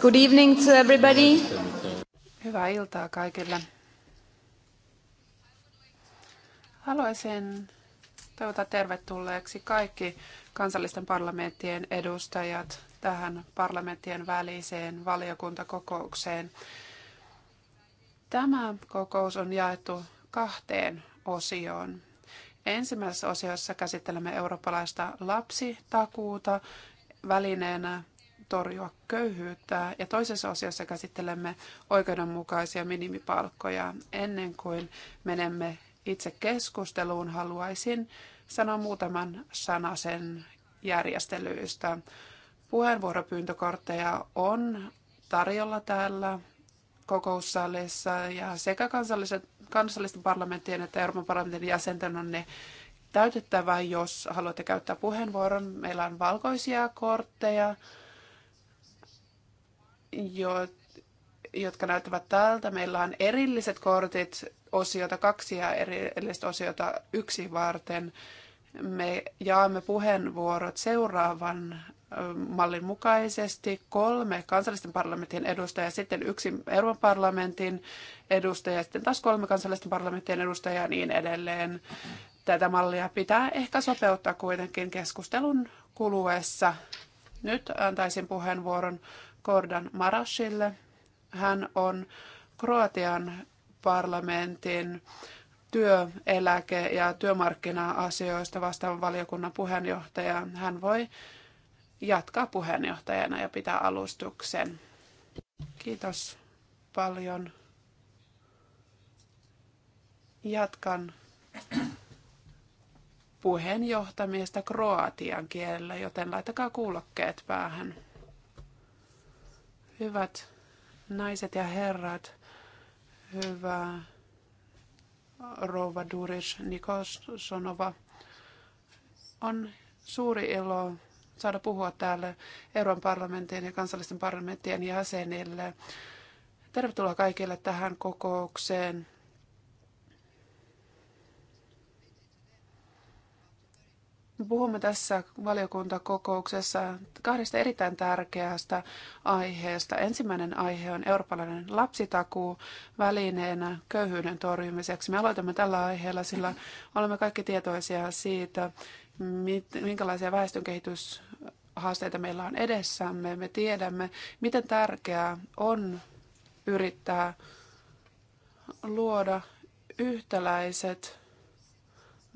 Good evening to everybody. Hyvää iltaa kaikille. Haluaisin toivottaa tervetulleeksi kaikki kansallisten parlamenttien edustajat tähän parlamenttien väliseen valiokuntakokoukseen. Tämä kokous on jaettu kahteen osioon. Ensimmäisessä osiossa käsittelemme eurooppalaista lapsitakuuta välineenä torjua köyhyyttä ja toisessa osiossa käsittelemme oikeudenmukaisia minimipalkkoja. Ennen kuin menemme itse keskusteluun, haluaisin sanoa muutaman sanasen järjestelyistä. Puheenvuoropyyntökortteja on tarjolla täällä kokoussalissa ja sekä kansalliset, kansallisten parlamenttien että Euroopan parlamentin jäsenten on ne täytettävä, jos haluatte käyttää puheenvuoron. Meillä on valkoisia kortteja jo, jotka näyttävät tältä. Meillä on erilliset kortit osiota kaksi ja erillistä osiota yksi varten. Me jaamme puheenvuorot seuraavan mallin mukaisesti kolme kansallisten parlamentin edustajaa, sitten yksi Euroopan parlamentin edustaja, sitten taas kolme kansallisten parlamentin edustajaa ja niin edelleen. Tätä mallia pitää ehkä sopeuttaa kuitenkin keskustelun kuluessa. Nyt antaisin puheenvuoron Kordan Marashille. Hän on Kroatian parlamentin työeläke- ja työmarkkina-asioista vastaavan valiokunnan puheenjohtaja. Hän voi jatkaa puheenjohtajana ja pitää alustuksen. Kiitos paljon. Jatkan puheenjohtamista kroatian kielellä, joten laittakaa kuulokkeet päähän. Hyvät naiset ja herrat, hyvä rouva Duris Nikosonova, on suuri ilo saada puhua täällä Euroopan parlamentin ja kansallisten parlamenttien jäsenille. Tervetuloa kaikille tähän kokoukseen. Me puhumme tässä valiokuntakokouksessa kahdesta erittäin tärkeästä aiheesta. Ensimmäinen aihe on eurooppalainen lapsitakuu välineenä köyhyyden torjumiseksi. Me aloitamme tällä aiheella, sillä olemme kaikki tietoisia siitä, minkälaisia väestönkehityshaasteita meillä on edessämme. Me tiedämme, miten tärkeää on yrittää luoda yhtäläiset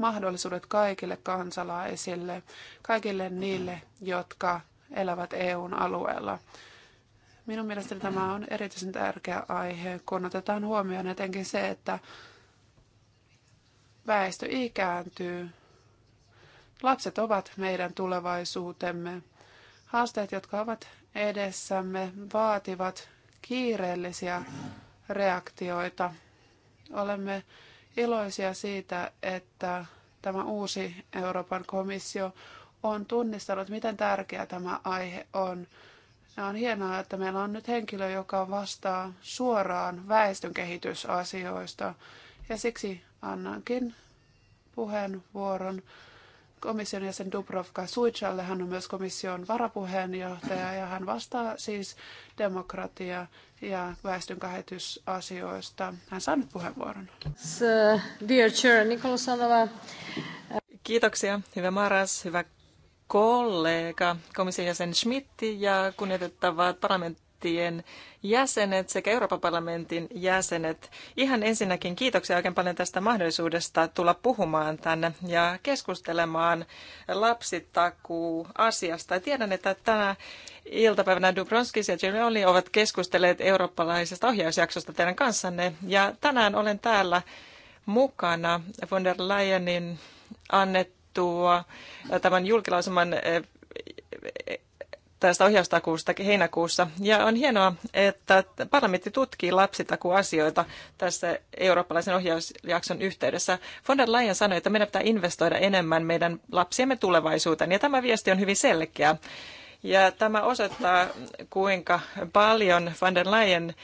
mahdollisuudet kaikille kansalaisille, kaikille niille, jotka elävät EUn alueella. Minun mielestäni tämä on erityisen tärkeä aihe, kun otetaan huomioon etenkin se, että väestö ikääntyy. Lapset ovat meidän tulevaisuutemme. Haasteet, jotka ovat edessämme, vaativat kiireellisiä reaktioita. Olemme iloisia siitä, että tämä uusi Euroopan komissio on tunnistanut, miten tärkeä tämä aihe on. Ja on hienoa, että meillä on nyt henkilö, joka vastaa suoraan väestön kehitysasioista. Ja siksi annankin puheenvuoron komission jäsen Dubrovka Suitsalle. Hän on myös komission varapuheenjohtaja ja hän vastaa siis demokratia- ja väestönkehitysasioista. Hän saa nyt puheenvuoron. Dear Chair, Nikola Kiitoksia, hyvä Maras, hyvä kollega, komission jäsen Schmidt ja kunnioitettavat parlament, parlamenttien jäsenet sekä Euroopan parlamentin jäsenet. Ihan ensinnäkin kiitoksia oikein paljon tästä mahdollisuudesta tulla puhumaan tänne ja keskustelemaan lapsitakuu asiasta. Tiedän, että tänä iltapäivänä Dubronskis ja Giroli ovat keskustelleet eurooppalaisesta ohjausjaksosta teidän kanssanne ja tänään olen täällä mukana von der Leyenin annettua tämän julkilausuman tästä ohjaustakuusta heinäkuussa. Ja on hienoa, että parlamentti tutkii lapsitakuasioita tässä eurooppalaisen ohjausjakson yhteydessä. Von der Leyen sanoi, että meidän pitää investoida enemmän meidän lapsiemme tulevaisuuteen, ja tämä viesti on hyvin selkeä. Ja tämä osoittaa, kuinka paljon van der Leyen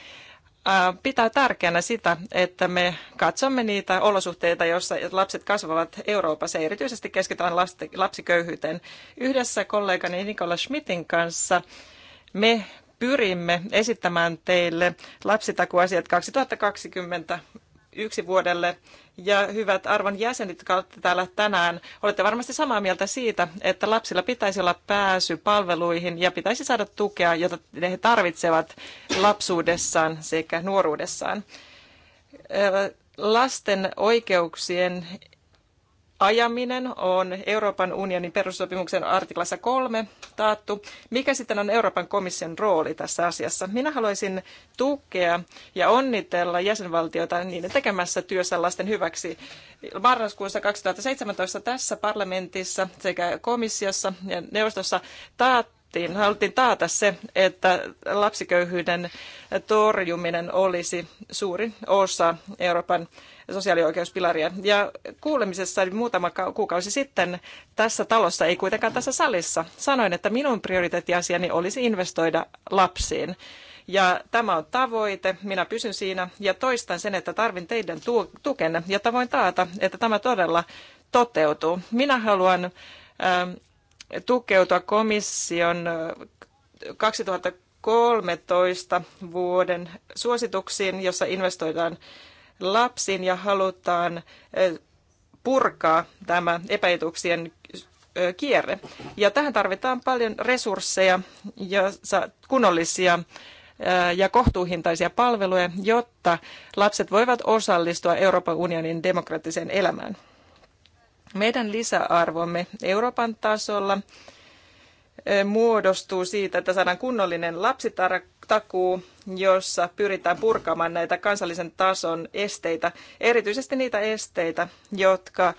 pitää tärkeänä sitä, että me katsomme niitä olosuhteita, joissa lapset kasvavat Euroopassa. Erityisesti keskitytään lapsiköyhyyteen. Yhdessä kollegani Nikola Schmidtin kanssa me pyrimme esittämään teille lapsitakuasiat 2020 yksi vuodelle. Ja hyvät arvon jäsenet, jotka olette täällä tänään, olette varmasti samaa mieltä siitä, että lapsilla pitäisi olla pääsy palveluihin ja pitäisi saada tukea, jota he tarvitsevat lapsuudessaan sekä nuoruudessaan. Lasten oikeuksien ajaminen on Euroopan unionin perussopimuksen artiklassa kolme taattu. Mikä sitten on Euroopan komission rooli tässä asiassa? Minä haluaisin tukea ja onnitella jäsenvaltioita niiden tekemässä työssä lasten hyväksi. Marraskuussa 2017 tässä parlamentissa sekä komissiossa ja neuvostossa taattiin haluttiin, haluttiin taata se, että lapsiköyhyyden torjuminen olisi suuri osa Euroopan sosiaalioikeuspilaria. Ja kuulemisessa muutama kuukausi sitten tässä talossa, ei kuitenkaan tässä salissa, sanoin, että minun prioriteettiasiani olisi investoida lapsiin. Ja tämä on tavoite, minä pysyn siinä ja toistan sen, että tarvin teidän tukenne, jotta voin taata, että tämä todella toteutuu. Minä haluan ähm, tukeutua komission 2013 vuoden suosituksiin, jossa investoidaan lapsiin ja halutaan purkaa tämä epäetuuksien kierre. Ja tähän tarvitaan paljon resursseja ja kunnollisia ja kohtuuhintaisia palveluja, jotta lapset voivat osallistua Euroopan unionin demokraattiseen elämään. Meidän lisäarvomme Euroopan tasolla muodostuu siitä, että saadaan kunnollinen lapsitakuu, jossa pyritään purkamaan näitä kansallisen tason esteitä, erityisesti niitä esteitä, jotka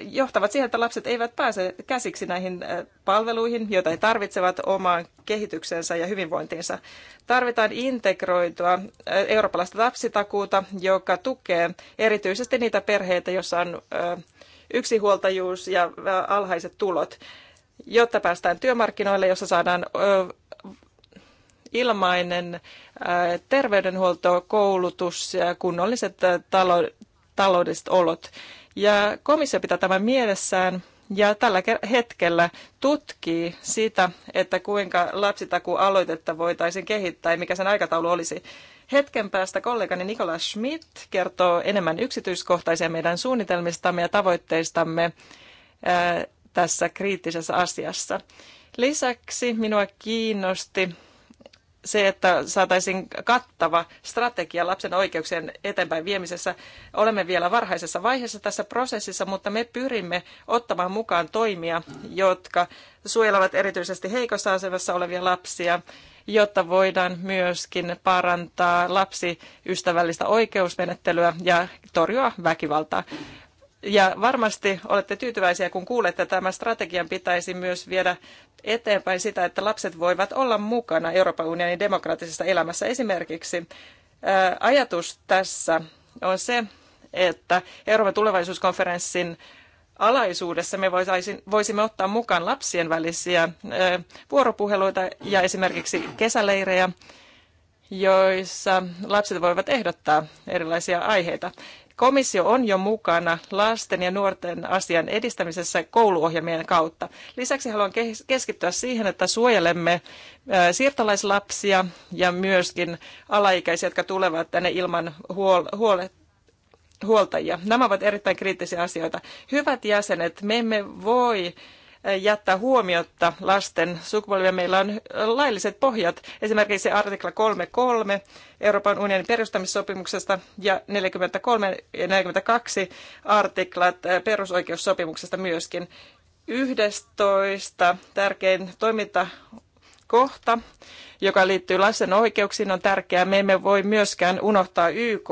johtavat siihen, että lapset eivät pääse käsiksi näihin palveluihin, joita he tarvitsevat omaan kehityksensä ja hyvinvointiinsa. Tarvitaan integroitua eurooppalaista lapsitakuuta, joka tukee erityisesti niitä perheitä, joissa on yksihuoltajuus ja alhaiset tulot, jotta päästään työmarkkinoille, jossa saadaan ilmainen terveydenhuolto, koulutus ja kunnolliset taloudelliset olot. Ja komissio pitää tämän mielessään ja tällä hetkellä tutkii sitä, että kuinka lapsitakuu aloitetta voitaisiin kehittää ja mikä sen aikataulu olisi. Hetken päästä kollegani Nikola Schmidt kertoo enemmän yksityiskohtaisia meidän suunnitelmistamme ja tavoitteistamme äh, tässä kriittisessä asiassa. Lisäksi minua kiinnosti se, että saataisiin kattava strategia lapsen oikeuksien eteenpäin viemisessä. Olemme vielä varhaisessa vaiheessa tässä prosessissa, mutta me pyrimme ottamaan mukaan toimia, jotka suojelevat erityisesti heikossa asemassa olevia lapsia jotta voidaan myöskin parantaa lapsiystävällistä oikeusmenettelyä ja torjua väkivaltaa. Ja varmasti olette tyytyväisiä, kun kuulette, että tämän strategian pitäisi myös viedä eteenpäin sitä, että lapset voivat olla mukana Euroopan unionin demokraattisessa elämässä. Esimerkiksi äh, ajatus tässä on se, että Euroopan tulevaisuuskonferenssin alaisuudessa me voisimme ottaa mukaan lapsien välisiä vuoropuheluita ja esimerkiksi kesäleirejä, joissa lapset voivat ehdottaa erilaisia aiheita. Komissio on jo mukana lasten ja nuorten asian edistämisessä kouluohjelmien kautta. Lisäksi haluan keskittyä siihen, että suojelemme siirtolaislapsia ja myöskin alaikäisiä, jotka tulevat tänne ilman huol- huolet huoltajia. Nämä ovat erittäin kriittisiä asioita. Hyvät jäsenet, me emme voi eh, jättää huomiotta lasten sukupolvia. Meillä on eh, lailliset pohjat, esimerkiksi artikla 3.3 Euroopan unionin perustamissopimuksesta ja 43 ja 42 artiklat eh, perusoikeussopimuksesta myöskin. 11 tärkein toimintakohta, joka liittyy lasten oikeuksiin, on tärkeää. Me emme voi myöskään unohtaa YK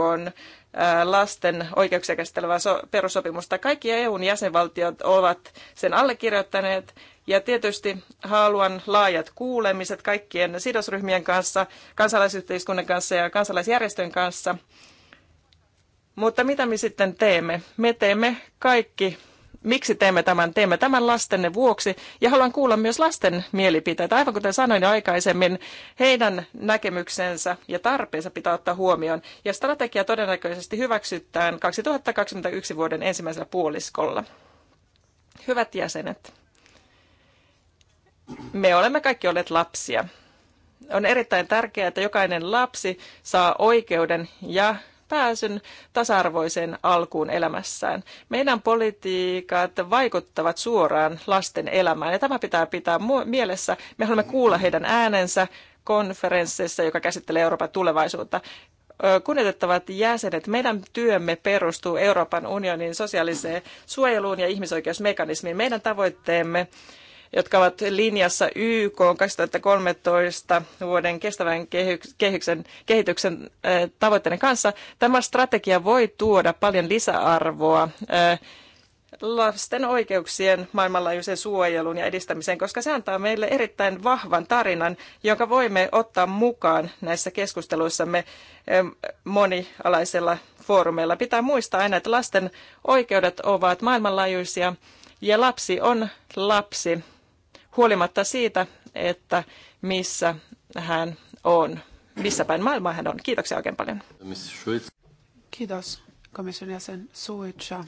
lasten oikeuksia käsittelevää perussopimusta. Kaikki EUn jäsenvaltiot ovat sen allekirjoittaneet ja tietysti haluan laajat kuulemiset kaikkien sidosryhmien kanssa, kansalaisyhteiskunnan kanssa ja kansalaisjärjestön kanssa. Mutta mitä me sitten teemme? Me teemme kaikki miksi teemme tämän? Teemme tämän lastenne vuoksi ja haluan kuulla myös lasten mielipiteitä. Aivan kuten sanoin aikaisemmin, heidän näkemyksensä ja tarpeensa pitää ottaa huomioon. Ja strategia todennäköisesti hyväksytään 2021 vuoden ensimmäisellä puoliskolla. Hyvät jäsenet, me olemme kaikki olleet lapsia. On erittäin tärkeää, että jokainen lapsi saa oikeuden ja pääsyn tasa-arvoiseen alkuun elämässään. Meidän politiikat vaikuttavat suoraan lasten elämään ja tämä pitää pitää mielessä. Me haluamme kuulla heidän äänensä konferenssissa, joka käsittelee Euroopan tulevaisuutta kunnioitettavat jäsenet, meidän työmme perustuu Euroopan unionin sosiaaliseen suojeluun ja ihmisoikeusmekanismiin. Meidän tavoitteemme jotka ovat linjassa YK 2013 vuoden kestävän kehyksen, kehityksen tavoitteiden kanssa. Tämä strategia voi tuoda paljon lisäarvoa lasten oikeuksien maailmanlaajuisen suojelun ja edistämiseen, koska se antaa meille erittäin vahvan tarinan, jonka voimme ottaa mukaan näissä keskusteluissamme monialaisella foorumeilla. Pitää muistaa aina, että lasten oikeudet ovat maailmanlaajuisia ja lapsi on lapsi huolimatta siitä, että missä hän on, missä päin maailmaa hän on. Kiitoksia oikein paljon. Kiitos komission jäsen Suitsa.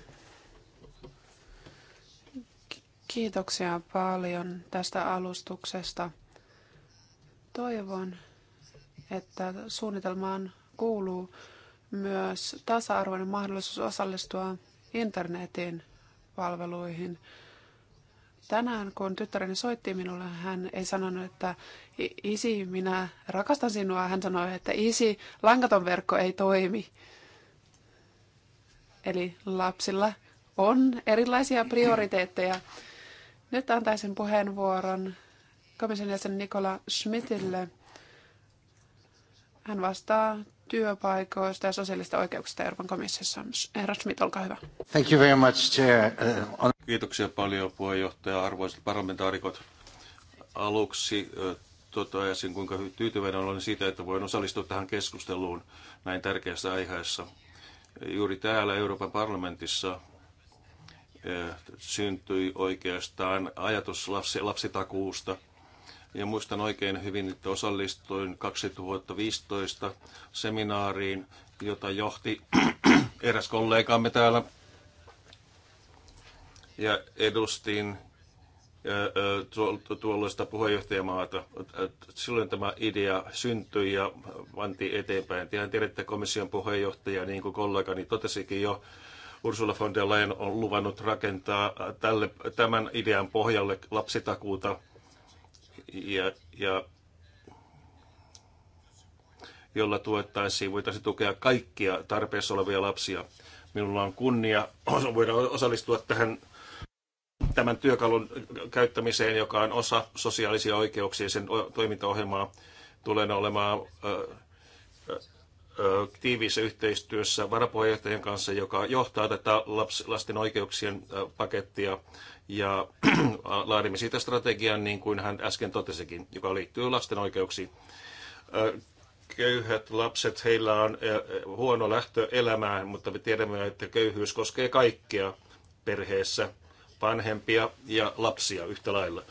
Kiitoksia paljon tästä alustuksesta. Toivon, että suunnitelmaan kuuluu myös tasa-arvoinen mahdollisuus osallistua internetin palveluihin – tänään, kun tyttäreni soitti minulle, hän ei sanonut, että isi, minä rakastan sinua. Hän sanoi, että isi, langaton verkko ei toimi. Eli lapsilla on erilaisia prioriteetteja. Nyt antaisin puheenvuoron komission jäsen Nikola Schmidtille. Hän vastaa työpaikoista ja sosiaalista oikeuksista Euroopan komissiossa. Herra Schmidt, olkaa hyvä. Thank you very much, Chair. Uh, Kiitoksia paljon puheenjohtaja, arvoisat parlamentaarikot. Aluksi uh, toteaisin, kuinka tyytyväinen olen siitä, että voin osallistua tähän keskusteluun näin tärkeässä aiheessa. Juuri täällä Euroopan parlamentissa uh, syntyi oikeastaan ajatus lapsitakuusta – ja muistan oikein hyvin, että osallistuin 2015 seminaariin, jota johti eräs kollegaamme täällä. Ja edustin tuolloista puheenjohtajamaata. Silloin tämä idea syntyi ja vanti eteenpäin. Tehän että komission puheenjohtaja, niin kuin kollegani totesikin jo, Ursula von der Leyen on luvannut rakentaa tälle, tämän idean pohjalle lapsitakuuta – ja, ja jolla voitaisiin tukea kaikkia tarpeessa olevia lapsia. Minulla on kunnia voida osallistua tähän tämän työkalun käyttämiseen, joka on osa sosiaalisia oikeuksia sen toimintaohjelmaa. Tulen olemaan tiiviissä yhteistyössä varapuheenjohtajan kanssa, joka johtaa tätä laps, lasten oikeuksien pakettia ja laadimme siitä strategian, niin kuin hän äsken totesikin, joka liittyy lasten oikeuksiin. Köyhät lapset, heillä on huono lähtö elämään, mutta me tiedämme, että köyhyys koskee kaikkia perheessä, vanhempia ja lapsia yhtä lailla.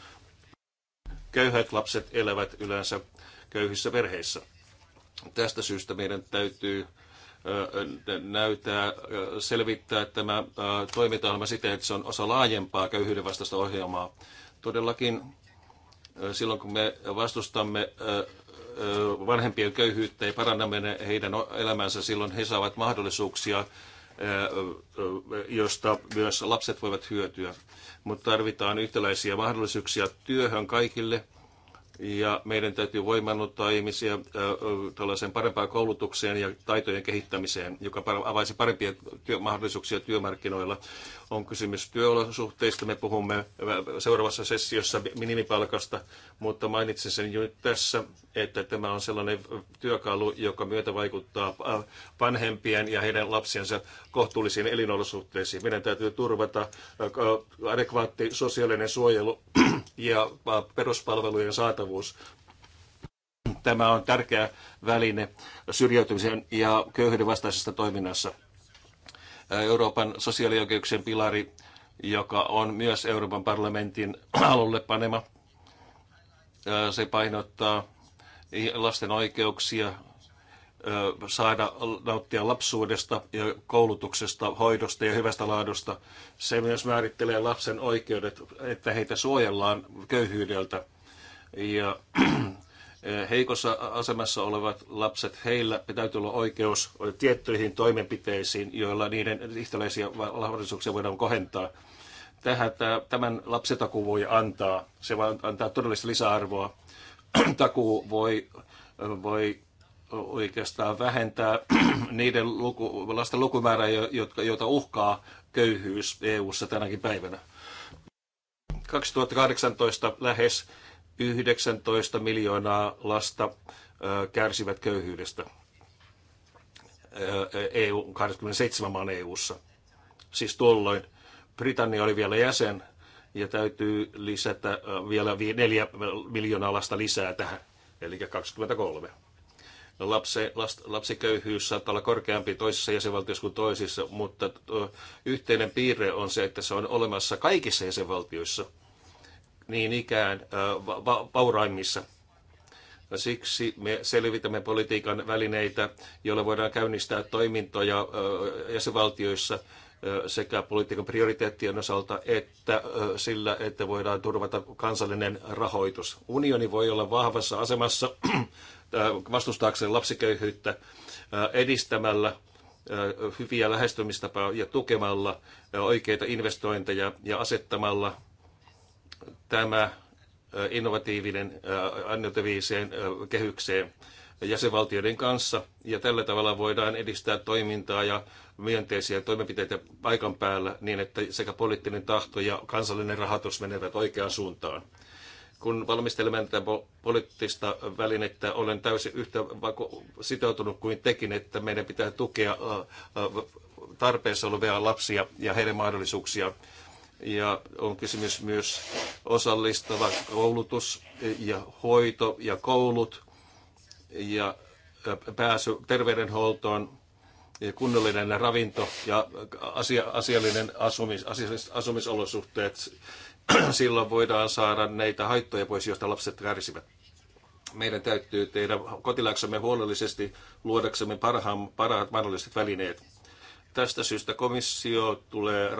Köyhät lapset elävät yleensä köyhissä perheissä Tästä syystä meidän täytyy näyttää, selvittää tämä toimintaohjelma siten, että se on osa laajempaa köyhyyden vastaista ohjelmaa. Todellakin silloin, kun me vastustamme vanhempien köyhyyttä ja parannamme heidän elämänsä, silloin he saavat mahdollisuuksia, josta myös lapset voivat hyötyä. Mutta tarvitaan yhtäläisiä mahdollisuuksia työhön kaikille – ja meidän täytyy voimannuttaa ihmisiä äh, äh, tällaiseen parempaan koulutukseen ja taitojen kehittämiseen, joka avaisi parempia työ- mahdollisuuksia työmarkkinoilla on kysymys työolosuhteista. Me puhumme äh, seuraavassa sessiossa minimipalkasta, mutta mainitsin sen jo nyt tässä, että tämä on sellainen työkalu, joka myötä vaikuttaa äh, vanhempien ja heidän lapsiensa kohtuullisiin elinolosuhteisiin. Meidän täytyy turvata äh, adekvaatti sosiaalinen suojelu ja peruspalvelujen saatavuus tämä on tärkeä väline syrjäytymisen ja köyhyyden vastaisessa toiminnassa. Euroopan sosiaalioikeuksien pilari, joka on myös Euroopan parlamentin alulle panema. Se painottaa lasten oikeuksia saada nauttia lapsuudesta ja koulutuksesta, hoidosta ja hyvästä laadusta. Se myös määrittelee lapsen oikeudet, että heitä suojellaan köyhyydeltä. Ja heikossa asemassa olevat lapset, heillä täytyy olla oikeus tiettyihin toimenpiteisiin, joilla niiden yhtäläisiä mahdollisuuksia voidaan kohentaa. Tähän tämän lapsetaku voi antaa. Se voi antaa todellista lisäarvoa. Takuu voi, voi oikeastaan vähentää niiden luku, lasten lukumäärää, jotka, joita uhkaa köyhyys EU-ssa tänäkin päivänä. 2018 lähes 19 miljoonaa lasta kärsivät köyhyydestä EU, 27 maan EU-ssa. Siis tuolloin Britannia oli vielä jäsen ja täytyy lisätä vielä 4 miljoonaa lasta lisää tähän, eli 23. No, Lapsi, last, lapsiköyhyys saattaa olla korkeampi toisissa jäsenvaltioissa kuin toisissa, mutta yhteinen piirre on se, että se on olemassa kaikissa jäsenvaltioissa – niin ikään vauraimmissa. Siksi me selvitämme politiikan välineitä, joilla voidaan käynnistää toimintoja jäsenvaltioissa sekä politiikan prioriteettien osalta että sillä, että voidaan turvata kansallinen rahoitus. Unioni voi olla vahvassa asemassa vastustaakseen lapsiköyhyyttä edistämällä hyviä lähestymistapoja ja tukemalla oikeita investointeja ja asettamalla tämä äh, innovatiivinen äh, annotaviiseen äh, kehykseen jäsenvaltioiden kanssa, ja tällä tavalla voidaan edistää toimintaa ja myönteisiä toimenpiteitä paikan päällä niin, että sekä poliittinen tahto ja kansallinen rahoitus menevät oikeaan suuntaan. Kun valmistelemme tätä poliittista välinettä, olen täysin yhtä sitoutunut kuin tekin, että meidän pitää tukea tarpeessa olevia lapsia ja heidän mahdollisuuksiaan ja on kysymys myös osallistava koulutus ja hoito ja koulut ja pääsy terveydenhuoltoon, ja kunnollinen ravinto ja asia, asiallinen asumis, asialliset asumisolosuhteet. Silloin voidaan saada näitä haittoja pois, joista lapset kärsivät. Meidän täytyy tehdä kotiläksemme huolellisesti luodaksemme parhaan, parhaat mahdolliset välineet Tästä syystä komissio tulee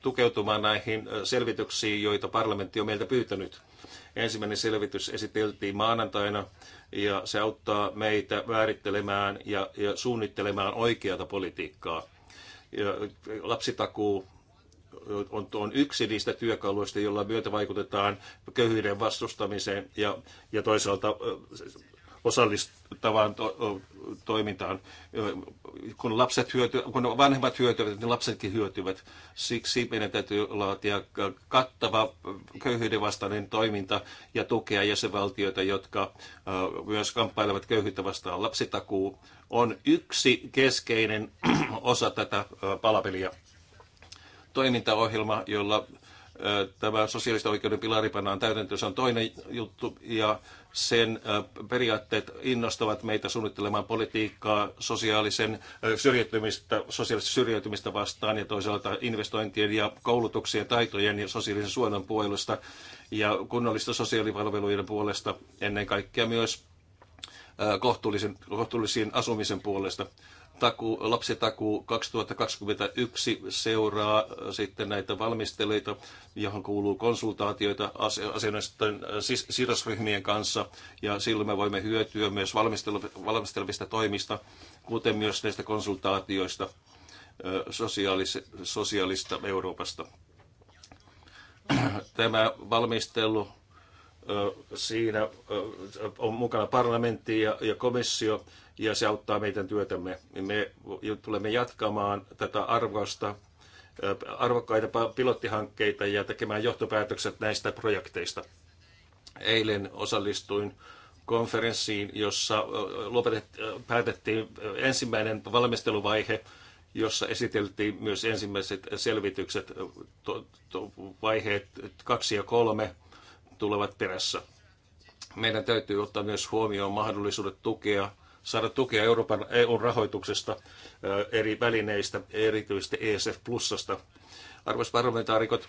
tukeutumaan näihin selvityksiin, joita parlamentti on meiltä pyytänyt. Ensimmäinen selvitys esiteltiin maanantaina ja se auttaa meitä määrittelemään ja, ja suunnittelemaan oikeata politiikkaa. Ja lapsitakuu on, on yksi niistä työkaluista, jolla myötä vaikutetaan köyhyyden vastustamiseen ja, ja toisaalta osallistavaan to- toimintaan. Kun, lapset hyöty- kun vanhemmat hyötyvät, niin lapsetkin hyötyvät. Siksi meidän täytyy laatia kattava köyhyyden vastainen toiminta ja tukea jäsenvaltioita, jotka myös kamppailevat köyhyyttä vastaan. Lapsitakuu on yksi keskeinen osa tätä palapeliä toimintaohjelma, jolla tämä sosiaalista oikeuden pilari pannaan täytäntöön, se on toinen juttu, ja sen periaatteet innostavat meitä suunnittelemaan politiikkaa sosiaalisen syrjäytymistä, sosiaalista syrjäytymistä vastaan ja toisaalta investointien ja koulutuksen ja taitojen ja sosiaalisen suojelun puolesta ja kunnollista sosiaalipalvelujen puolesta ennen kaikkea myös kohtuullisen, kohtuullisiin asumisen puolesta. Taku, lapsitakuu 2021 seuraa sitten näitä valmisteluita, johon kuuluu konsultaatioita asianoisten sidosryhmien kanssa, ja silloin me voimme hyötyä myös valmistelevista toimista, kuten myös näistä konsultaatioista sosiaalis, sosiaalista Euroopasta. Tämä valmistelu Siinä on mukana parlamentti ja, ja komissio, ja se auttaa meidän työtämme. Me tulemme jatkamaan tätä arvosta arvokkaita pilottihankkeita ja tekemään johtopäätökset näistä projekteista. Eilen osallistuin konferenssiin, jossa päätettiin ensimmäinen valmisteluvaihe, jossa esiteltiin myös ensimmäiset selvitykset, vaiheet kaksi ja kolme, tulevat perässä. Meidän täytyy ottaa myös huomioon mahdollisuudet tukea, saada tukea Euroopan EUn rahoituksesta eri välineistä, erityisesti ESF Plusasta. Arvoisat parlamentaarikot,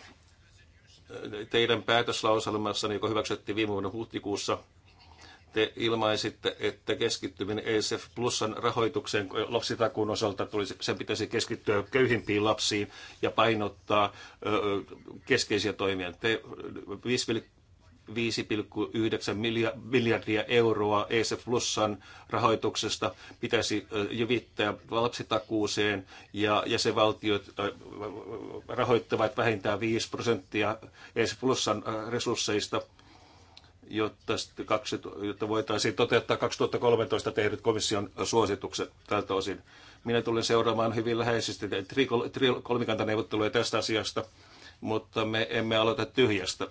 teidän päätöslauselmassanne, joka hyväksyttiin viime vuoden huhtikuussa, te ilmaisitte, että keskittyminen ESF Plusan rahoitukseen lapsitakuun osalta tulisi, sen pitäisi keskittyä köyhimpiin lapsiin ja painottaa keskeisiä toimia. Te 5,9 miljardia euroa ESF Plusan rahoituksesta pitäisi jyvittää lapsitakuuseen ja jäsenvaltiot rahoittavat vähintään 5 prosenttia ESF Plusan resursseista, jotta, jotta voitaisiin toteuttaa 2013 tehdyt komission suositukset tältä osin. Minä tulen seuraamaan hyvin läheisesti kolmikantaneuvotteluja tästä asiasta, mutta me emme aloita tyhjästä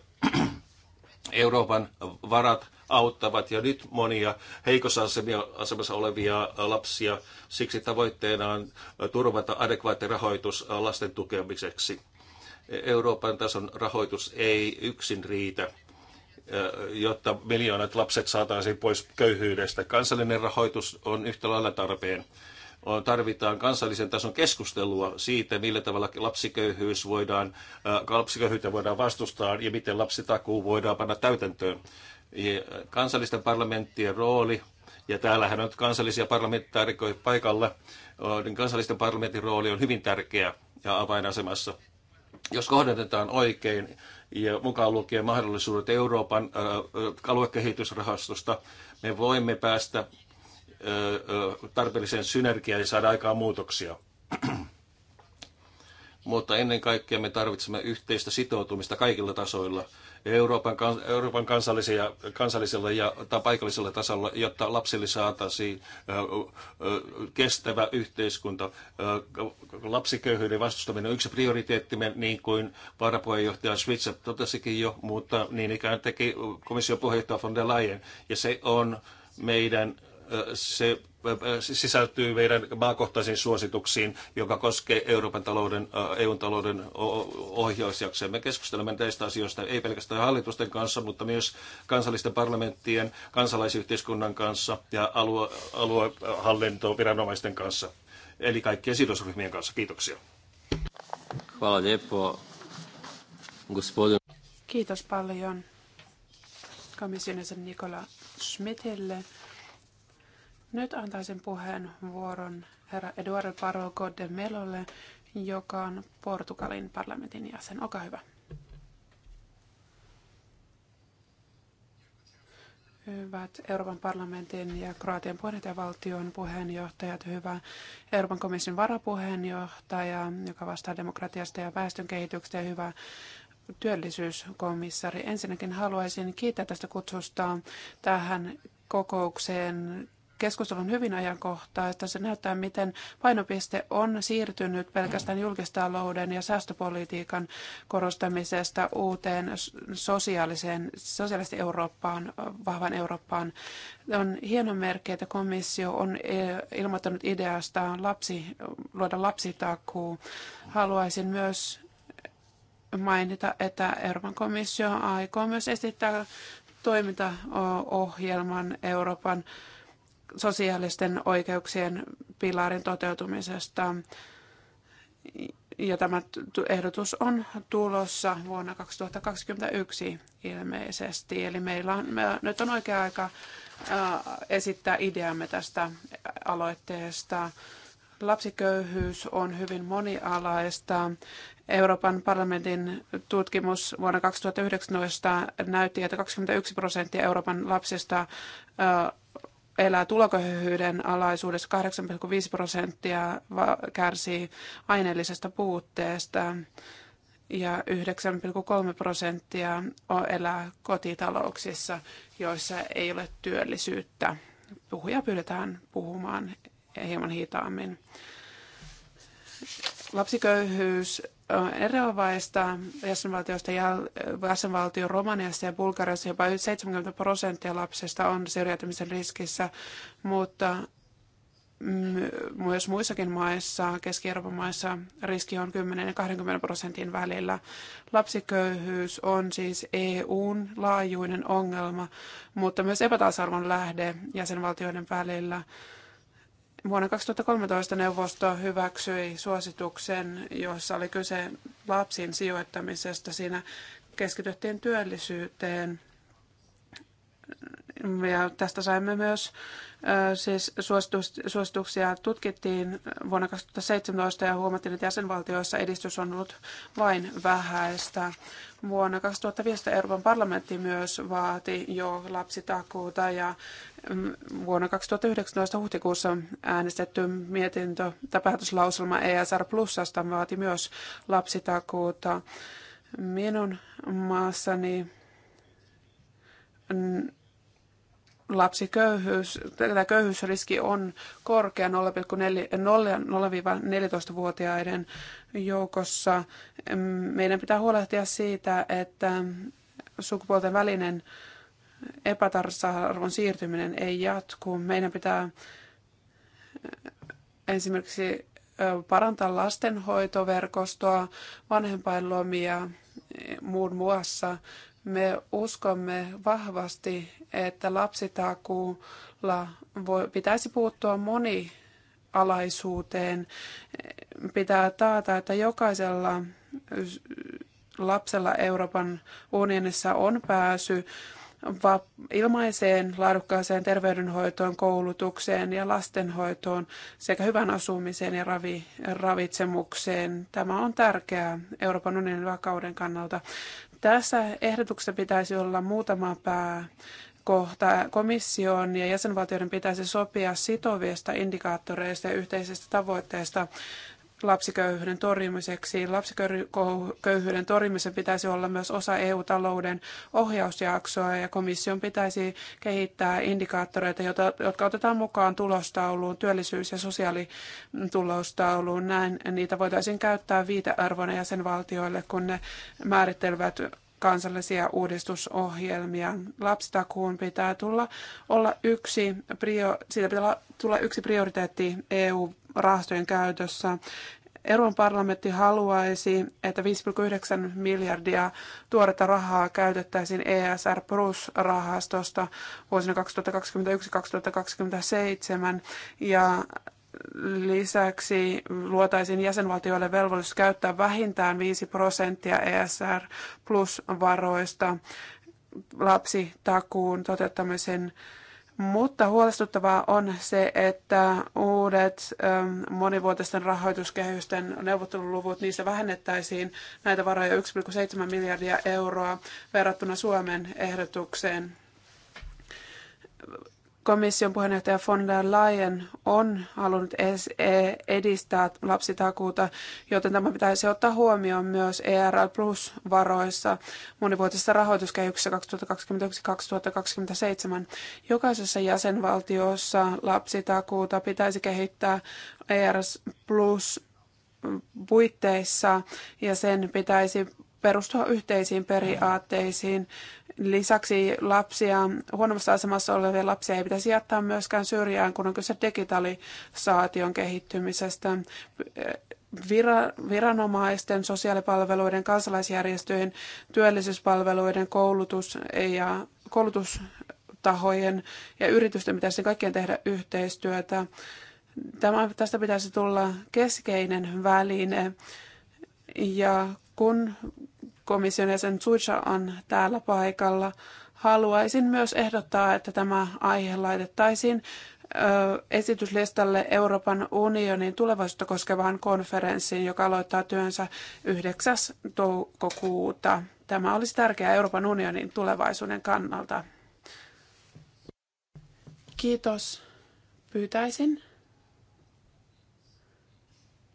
Euroopan varat auttavat jo nyt monia heikossa asemassa olevia lapsia. Siksi tavoitteena on turvata adekvaatti rahoitus lasten tukemiseksi. Euroopan tason rahoitus ei yksin riitä jotta miljoonat lapset saataisiin pois köyhyydestä. Kansallinen rahoitus on yhtä lailla tarpeen tarvitaan kansallisen tason keskustelua siitä, millä tavalla lapsiköyhyys voidaan, äh, lapsiköyhyyttä voidaan vastustaa ja miten lapsitakuu voidaan panna täytäntöön. Kansallisten parlamenttien rooli, ja täällähän on kansallisia parlamentaarikoja paikalla, äh, niin kansallisten parlamentin rooli on hyvin tärkeä ja avainasemassa. Jos kohdennetaan oikein, ja mukaan lukien mahdollisuudet Euroopan äh, aluekehitysrahastosta, me voimme päästä tarpeelliseen synergiaan ja saada aikaan muutoksia. Mutta ennen kaikkea me tarvitsemme yhteistä sitoutumista kaikilla tasoilla, Euroopan, Euroopan kansallisella, kansallisella ja tai paikallisella tasolla, jotta lapsille saataisiin kestävä yhteiskunta. Lapsiköyhyyden vastustaminen on yksi prioriteettimme, niin kuin varapuheenjohtaja Switzer totesikin jo, mutta niin ikään teki komission puheenjohtaja von der Leyen, ja se on meidän se sisältyy meidän maakohtaisiin suosituksiin, joka koskee Euroopan talouden, EUn talouden ohjausjaksoja. Me keskustelemme näistä asioista ei pelkästään hallitusten kanssa, mutta myös kansallisten parlamenttien, kansalaisyhteiskunnan kanssa ja alue, aluehallintoviranomaisten kanssa, eli kaikkien sidosryhmien kanssa. Kiitoksia. Kiitos paljon komission jäsen Nikola Schmidtille nyt antaisin puheenvuoron herra Eduardo Parogo de Melolle, joka on Portugalin parlamentin jäsen. Olkaa hyvä. Hyvät Euroopan parlamentin ja Kroatian puheenjohtajavaltion puheenjohtajat, hyvä Euroopan komission varapuheenjohtaja, joka vastaa demokratiasta ja väestönkehityksestä, ja hyvä työllisyyskomissari. Ensinnäkin haluaisin kiittää tästä kutsusta tähän kokoukseen keskustelu on hyvin ajankohtaista. Se näyttää, miten painopiste on siirtynyt pelkästään julkistalouden ja säästöpolitiikan korostamisesta uuteen sosiaaliseen, sosiaalisesti Eurooppaan, vahvan Eurooppaan. On hieno merkki, että komissio on e, ilmoittanut ideasta lapsi, luoda lapsitakuu. Haluaisin myös mainita, että Euroopan komissio aikoo myös esittää toimintaohjelman Euroopan sosiaalisten oikeuksien pilarin toteutumisesta. Ja tämä ehdotus on tulossa vuonna 2021 ilmeisesti. Eli meillä on, me, nyt on oikea aika esittää ideamme tästä aloitteesta. Lapsiköyhyys on hyvin monialaista. Euroopan parlamentin tutkimus vuonna 2019 näytti, että 21 prosenttia Euroopan lapsista elää tuloköyhyyden alaisuudessa, 8,5 prosenttia kärsii aineellisesta puutteesta ja 9,3 prosenttia elää kotitalouksissa, joissa ei ole työllisyyttä. Puhuja pyydetään puhumaan hieman hitaammin. Lapsiköyhyys eroavaista jäsenvaltioista ja jäsenvaltio Romaniassa ja Bulgariassa jopa 70 prosenttia lapsista on syrjäytymisen riskissä, mutta myös muissakin maissa, Keski-Euroopan maissa, riski on 10 ja 20 prosentin välillä. Lapsiköyhyys on siis EUn laajuinen ongelma, mutta myös epätasa-arvon lähde jäsenvaltioiden välillä. Vuonna 2013 neuvosto hyväksyi suosituksen, jossa oli kyse lapsiin sijoittamisesta. Siinä keskityttiin työllisyyteen ja tästä saimme myös siis suosituksia tutkittiin vuonna 2017 ja huomattiin, että jäsenvaltioissa edistys on ollut vain vähäistä. Vuonna 2015 Euroopan parlamentti myös vaati jo lapsitakuuta ja mm, vuonna 2019 huhtikuussa äänestetty mietintö tai päätöslauselma ESR Plusasta vaati myös lapsitakuuta. Minun maassani lapsiköyhyys, tämä köyhyysriski on korkea 0,14-vuotiaiden joukossa. Meidän pitää huolehtia siitä, että sukupuolten välinen epätasa-arvon siirtyminen ei jatku. Meidän pitää eh, esimerkiksi eh, parantaa lastenhoitoverkostoa, vanhempainlomia eh, muun muassa. Me uskomme vahvasti, että lapsitakuulla voi, pitäisi puuttua monialaisuuteen. Pitää taata, että jokaisella lapsella Euroopan unionissa on pääsy ilmaiseen laadukkaaseen terveydenhoitoon, koulutukseen ja lastenhoitoon sekä hyvän asumiseen ja ravi, ravitsemukseen. Tämä on tärkeää Euroopan unionin vakauden kannalta. Tässä ehdotuksessa pitäisi olla muutama pää kohta komission ja jäsenvaltioiden pitäisi sopia sitovista indikaattoreista ja yhteisestä tavoitteesta lapsiköyhyyden torjumiseksi. Lapsiköyhyyden torjumisen pitäisi olla myös osa EU-talouden ohjausjaksoa ja komission pitäisi kehittää indikaattoreita, jotka otetaan mukaan tulostauluun, työllisyys- ja sosiaalitulostauluun. Näin niitä voitaisiin käyttää viitearvona jäsenvaltioille, kun ne määrittelevät kansallisia uudistusohjelmia. Lapsitakuun pitää tulla olla yksi, siitä pitää tulla yksi prioriteetti EU rahastojen käytössä. Euroopan parlamentti haluaisi, että 5,9 miljardia tuoretta rahaa käytettäisiin ESR Plus-rahastosta vuosina 2021-2027 ja Lisäksi luotaisiin jäsenvaltioille velvollisuus käyttää vähintään 5 prosenttia ESR plus varoista lapsitakuun toteuttamisen mutta huolestuttavaa on se, että uudet ähm, monivuotisten rahoituskehysten neuvotteluluvut, niissä vähennettäisiin näitä varoja 1,7 miljardia euroa verrattuna Suomen ehdotukseen Komission puheenjohtaja von der Leyen on halunnut e-, edistää lapsitakuuta, joten tämä pitäisi ottaa huomioon myös ERL Plus-varoissa monivuotisessa rahoituskehyksessä 2021-2027. Jokaisessa jäsenvaltiossa lapsitakuuta pitäisi kehittää ERS Plus puitteissa ja sen pitäisi perustua yhteisiin periaatteisiin. Lisäksi lapsia, huonommassa asemassa olevia lapsia ei pitäisi jättää myöskään syrjään, kun on kyse digitalisaation kehittymisestä. Viranomaisten, sosiaalipalveluiden, kansalaisjärjestöjen, työllisyyspalveluiden, koulutus ja koulutustahojen ja yritysten pitäisi kaikkien tehdä yhteistyötä. Tämä, tästä pitäisi tulla keskeinen väline ja kun komission jäsen Zucha on täällä paikalla. Haluaisin myös ehdottaa, että tämä aihe laitettaisiin esityslistalle Euroopan unionin tulevaisuutta koskevaan konferenssiin, joka aloittaa työnsä 9. toukokuuta. Tämä olisi tärkeää Euroopan unionin tulevaisuuden kannalta. Kiitos. Pyytäisin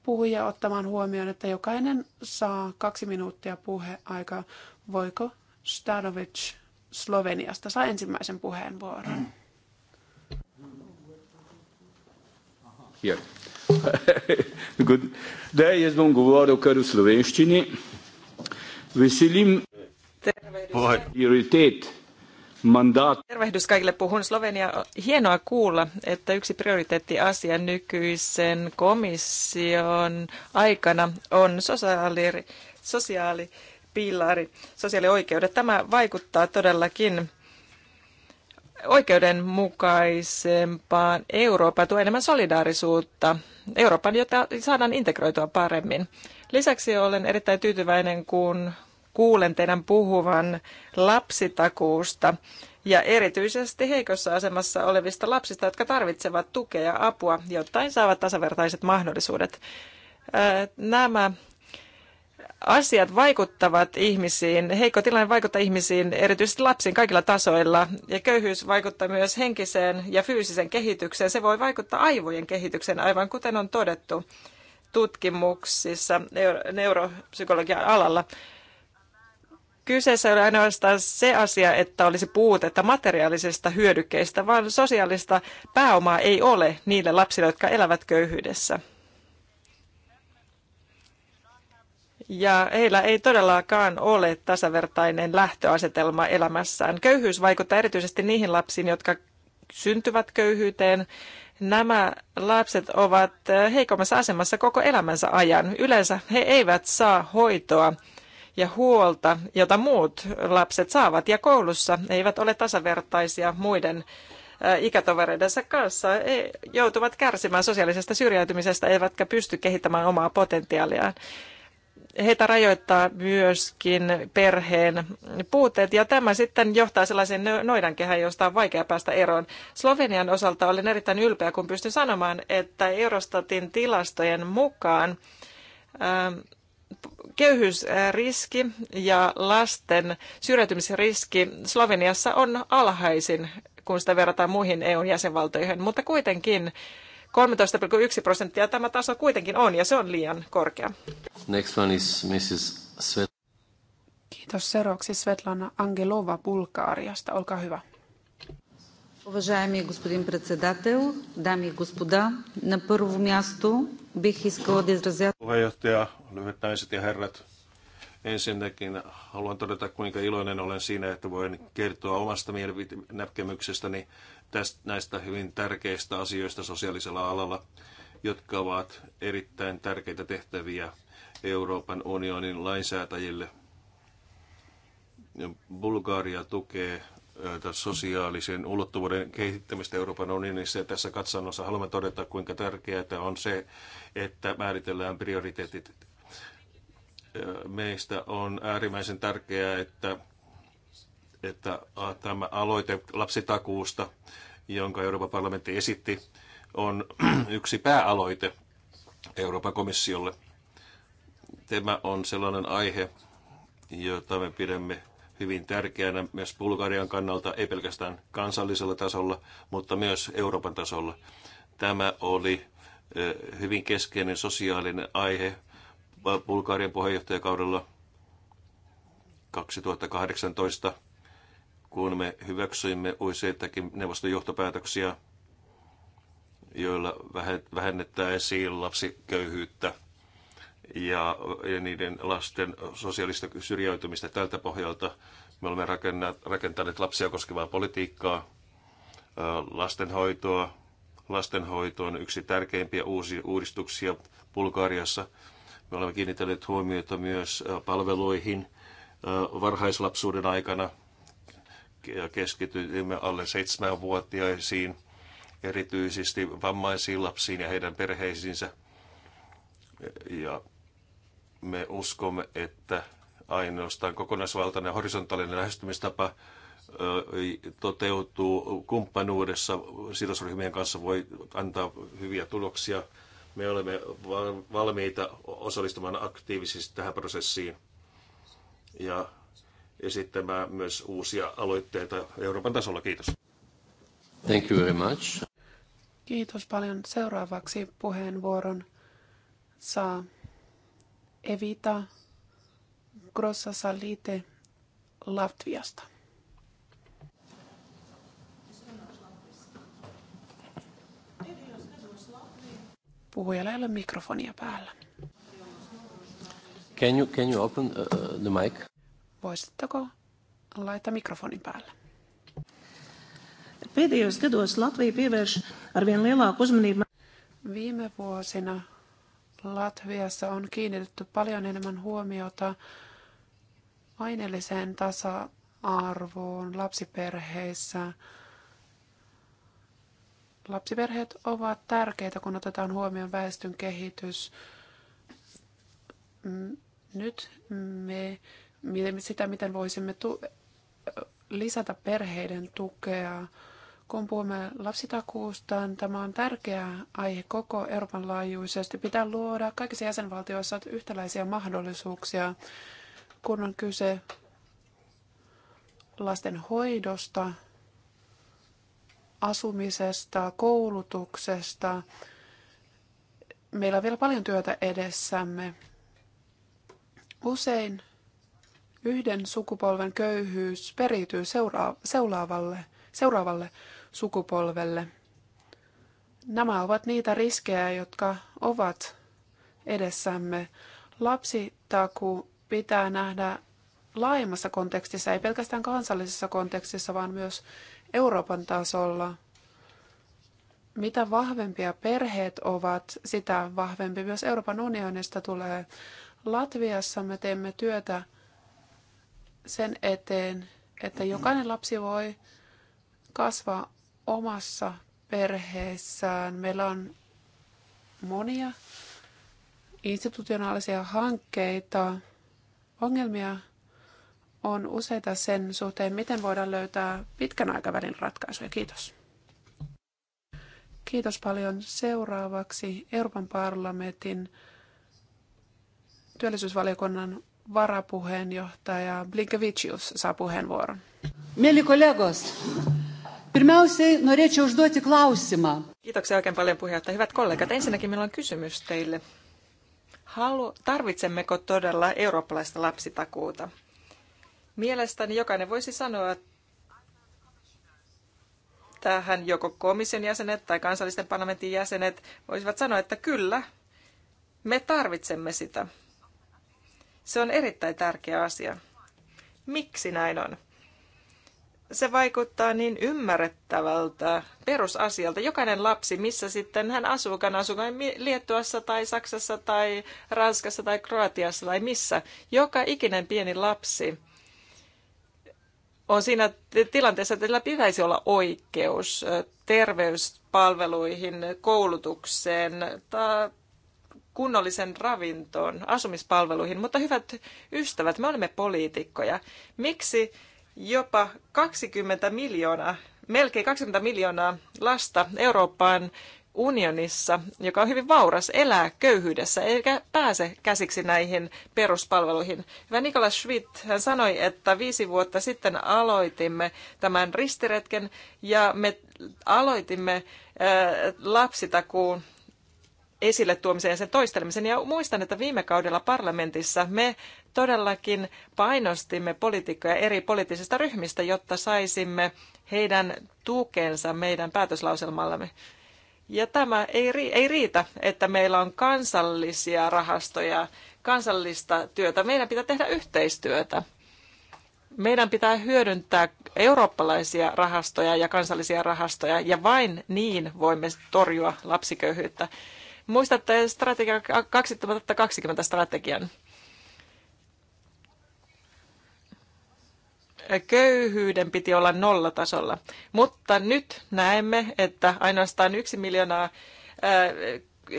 puhujia ottamaan huomioon, että jokainen saa kaksi minuuttia puheaikaa. Voiko Stanovic Sloveniasta saa ensimmäisen puheenvuoron? Here. Good day, jaz bom govoril kar v slovenščini. Veselim prioritet mandaat. Tervehdys kaikille. Puhun Slovenia. Hienoa kuulla, että yksi prioriteettiasia nykyisen komission aikana on sosiaali, sosiaalipilari, sosiaalioikeudet. Tämä vaikuttaa todellakin oikeudenmukaisempaan Eurooppaan, tuo enemmän solidaarisuutta Euroopan, jota saadaan integroitua paremmin. Lisäksi olen erittäin tyytyväinen, kun kuulen teidän puhuvan lapsitakuusta ja erityisesti heikossa asemassa olevista lapsista, jotka tarvitsevat tukea ja apua, jotta saavat tasavertaiset mahdollisuudet. Nämä asiat vaikuttavat ihmisiin, heikko tilanne vaikuttaa ihmisiin, erityisesti lapsiin kaikilla tasoilla, ja köyhyys vaikuttaa myös henkiseen ja fyysiseen kehitykseen. Se voi vaikuttaa aivojen kehitykseen, aivan kuten on todettu tutkimuksissa neuropsykologian alalla. Kyseessä ei ole ainoastaan se asia, että olisi puutetta materiaalisesta hyödykkeistä, vaan sosiaalista pääomaa ei ole niille lapsille, jotka elävät köyhyydessä. ja heillä ei todellakaan ole tasavertainen lähtöasetelma elämässään. Köyhyys vaikuttaa erityisesti niihin lapsiin, jotka syntyvät köyhyyteen. Nämä lapset ovat heikommassa asemassa koko elämänsä ajan. Yleensä he eivät saa hoitoa ja huolta, jota muut lapset saavat ja koulussa eivät ole tasavertaisia muiden äh, ikätovereidensa kanssa, joutuvat kärsimään sosiaalisesta syrjäytymisestä eivätkä pysty kehittämään omaa potentiaaliaan. Heitä rajoittaa myöskin perheen puutteet, ja tämä sitten johtaa sellaisen no- noidankehän, josta on vaikea päästä eroon. Slovenian osalta olen erittäin ylpeä, kun pystyn sanomaan, että Eurostatin tilastojen mukaan ähm, köyhyysriski ja lasten syrjäytymisriski Sloveniassa on alhaisin, kun sitä verrataan muihin EUn jäsenvaltioihin, mutta kuitenkin 13,1 prosenttia tämä taso kuitenkin on, ja se on liian korkea. Next one is Mrs. Svet- Kiitos seuraavaksi Svetlana Angelova Bulgaariasta. Olkaa hyvä. Уважаеми господин председател, дами и господа, на първо място бих искала да изразя... Puheenjohtaja, hyvät naiset ja herrat, ensinnäkin haluan todeta, kuinka iloinen olen siinä, että voin kertoa omasta näkemyksestäni tästä, näistä hyvin tärkeistä asioista sosiaalisella alalla, jotka ovat erittäin tärkeitä tehtäviä Euroopan unionin lainsäätäjille. Bulgaria tukee sosiaalisen ulottuvuuden kehittämistä Euroopan unionissa. Ja tässä katsannossa haluamme todeta, kuinka tärkeää on se, että määritellään prioriteetit. Meistä on äärimmäisen tärkeää, että, että tämä aloite lapsitakuusta, jonka Euroopan parlamentti esitti, on yksi pääaloite Euroopan komissiolle. Tämä on sellainen aihe, jota me pidämme hyvin tärkeänä myös Bulgarian kannalta, ei pelkästään kansallisella tasolla, mutta myös Euroopan tasolla. Tämä oli hyvin keskeinen sosiaalinen aihe Bulgarian puheenjohtajakaudella 2018, kun me hyväksyimme useitakin neuvoston johtopäätöksiä, joilla vähennettäisiin lapsiköyhyyttä – ja, ja niiden lasten sosiaalista syrjäytymistä tältä pohjalta. Me olemme rakentaneet lapsia koskevaa politiikkaa, lastenhoitoa. Lastenhoito on yksi tärkeimpiä uusia uudistuksia Bulgariassa. Me olemme kiinnittäneet huomiota myös palveluihin varhaislapsuuden aikana ja keskitymme alle seitsemänvuotiaisiin, erityisesti vammaisiin lapsiin ja heidän perheisiinsä. Ja me uskomme, että ainoastaan kokonaisvaltainen horisontaalinen lähestymistapa toteutuu kumppanuudessa sidosryhmien kanssa, voi antaa hyviä tuloksia. Me olemme valmiita osallistumaan aktiivisesti tähän prosessiin ja esittämään myös uusia aloitteita Euroopan tasolla. Kiitos. Thank you very much. Kiitos paljon. Seuraavaksi puheenvuoron saa Evita Grossa Salite Latviasta. Puhujalla ei ole mikrofonia päällä. Can you, can you open uh, uh, the mic? Voisitteko laittaa mikrofonin päälle? Pēdējos gados Latvija pievērš arvien lielāku uzmanību. Viime vuosina Latviassa on kiinnitetty paljon enemmän huomiota aineelliseen tasa-arvoon lapsiperheissä. Lapsiperheet ovat tärkeitä, kun otetaan huomioon väestön kehitys. Mm, nyt me mietimme sitä, miten voisimme lisätä perheiden tukea kun puhumme lapsitakuusta, tämä on tärkeä aihe koko Euroopan laajuisesti. Pitää luoda kaikissa jäsenvaltioissa yhtäläisiä mahdollisuuksia, kun on kyse lasten hoidosta, asumisesta, koulutuksesta. Meillä on vielä paljon työtä edessämme. Usein yhden sukupolven köyhyys periytyy seuraavalle seuraavalle sukupolvelle. Nämä ovat niitä riskejä, jotka ovat edessämme. Lapsitaku pitää nähdä laajemmassa kontekstissa, ei pelkästään kansallisessa kontekstissa, vaan myös Euroopan tasolla. Mitä vahvempia perheet ovat, sitä vahvempi myös Euroopan unionista tulee. Latviassa me teemme työtä sen eteen, että jokainen lapsi voi kasvaa omassa perheessään. Meillä on monia institutionaalisia hankkeita. Ongelmia on useita sen suhteen, miten voidaan löytää pitkän aikavälin ratkaisuja. Kiitos. Kiitos paljon. Seuraavaksi Euroopan parlamentin työllisyysvaliokunnan varapuheenjohtaja Blinkevicius saa puheenvuoron. Mieli kollegos, Pirmiausiai norėčiau užduoti klausimą. Kiitoksia oikein paljon puheenjohtaja. Hyvät kollegat, ensinnäkin minulla on kysymys teille. Halu, tarvitsemmeko todella eurooppalaista lapsitakuuta? Mielestäni jokainen voisi sanoa tähän joko komission jäsenet tai kansallisten parlamentin jäsenet voisivat sanoa, että kyllä, me tarvitsemme sitä. Se on erittäin tärkeä asia. Miksi näin on? se vaikuttaa niin ymmärrettävältä perusasialta. Jokainen lapsi, missä sitten hän asuukaan, asuukaan Liettuassa tai Saksassa tai Ranskassa tai Kroatiassa tai missä, joka ikinen pieni lapsi on siinä tilanteessa, että sillä pitäisi olla oikeus terveyspalveluihin, koulutukseen, tai kunnollisen ravintoon, asumispalveluihin. Mutta hyvät ystävät, me olemme poliitikkoja. Miksi jopa 20 miljoonaa, melkein 20 miljoonaa lasta Euroopan unionissa, joka on hyvin vauras, elää köyhyydessä eikä pääse käsiksi näihin peruspalveluihin. Hyvä Nikolas Schmidt hän sanoi, että viisi vuotta sitten aloitimme tämän ristiretken ja me aloitimme äh, lapsitakuun esille tuomisen ja sen toistelemisen. Ja muistan, että viime kaudella parlamentissa me todellakin painostimme poliitikkoja eri poliittisista ryhmistä, jotta saisimme heidän tukensa meidän päätöslauselmallamme. Ja tämä ei, ei riitä, että meillä on kansallisia rahastoja, kansallista työtä. Meidän pitää tehdä yhteistyötä. Meidän pitää hyödyntää eurooppalaisia rahastoja ja kansallisia rahastoja, ja vain niin voimme torjua lapsiköyhyyttä. Muistatte strategia 2020 strategian. Köyhyyden piti olla nollatasolla, mutta nyt näemme, että ainoastaan yksi miljoonaa äh,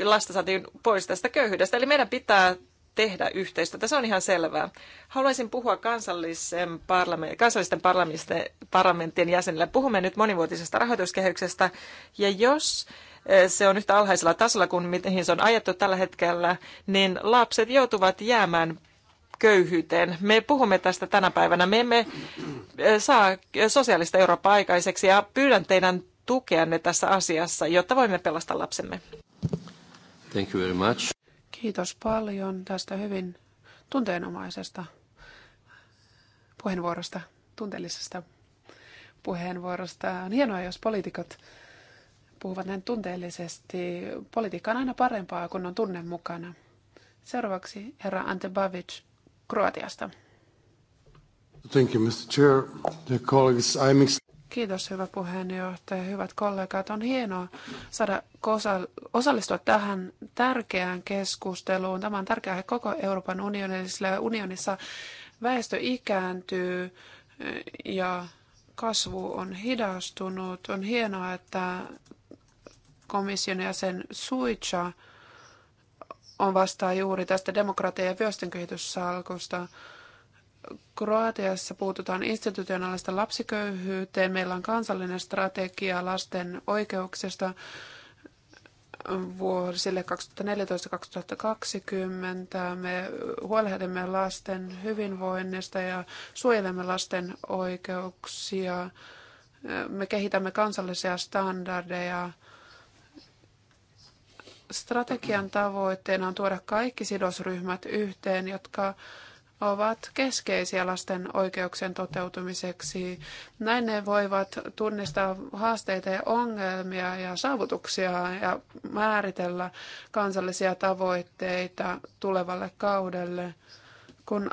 lasta saatiin pois tästä köyhyydestä. Eli meidän pitää tehdä yhteistyötä, se on ihan selvää. Haluaisin puhua kansallisen parlament, kansallisten parlamentin jäsenille. Puhumme nyt monivuotisesta rahoituskehyksestä, ja jos se on yhtä alhaisella tasolla kuin mihin se on ajettu tällä hetkellä, niin lapset joutuvat jäämään köyhyyteen. Me puhumme tästä tänä päivänä. Me emme eh, saa sosiaalista Eurooppaa aikaiseksi ja pyydän teidän tukeanne tässä asiassa, jotta voimme pelastaa lapsemme. Thank you very much. Kiitos paljon tästä hyvin tunteenomaisesta puheenvuorosta, tunteellisesta puheenvuorosta. On hienoa, jos poliitikot puhuvat näin tunteellisesti. Politiikka on aina parempaa, kun on tunne mukana. Seuraavaksi herra Ante Bavic Kroatiasta. Thank you, Mr. Chair. The colleagues, I'm Kiitos hyvä puheenjohtaja, hyvät kollegat. On hienoa saada osallistua tähän tärkeään keskusteluun. Tämä on tärkeää koko Euroopan unionille, sillä unionissa väestö ikääntyy eh, ja kasvu on hidastunut. On hienoa, että komission jäsen Suicha on vastaa juuri tästä demokratia- ja vyöstenkehityssalkusta. Kroatiassa puututaan institutionaalista lapsiköyhyyteen. Meillä on kansallinen strategia lasten oikeuksista vuosille 2014-2020. Me huolehdimme lasten hyvinvoinnista ja suojelemme lasten oikeuksia. Me kehitämme kansallisia standardeja Strategian tavoitteena on tuoda kaikki sidosryhmät yhteen, jotka ovat keskeisiä lasten oikeuksien toteutumiseksi. Näin ne voivat tunnistaa haasteita ja ongelmia ja saavutuksia ja määritellä kansallisia tavoitteita tulevalle kaudelle. Kun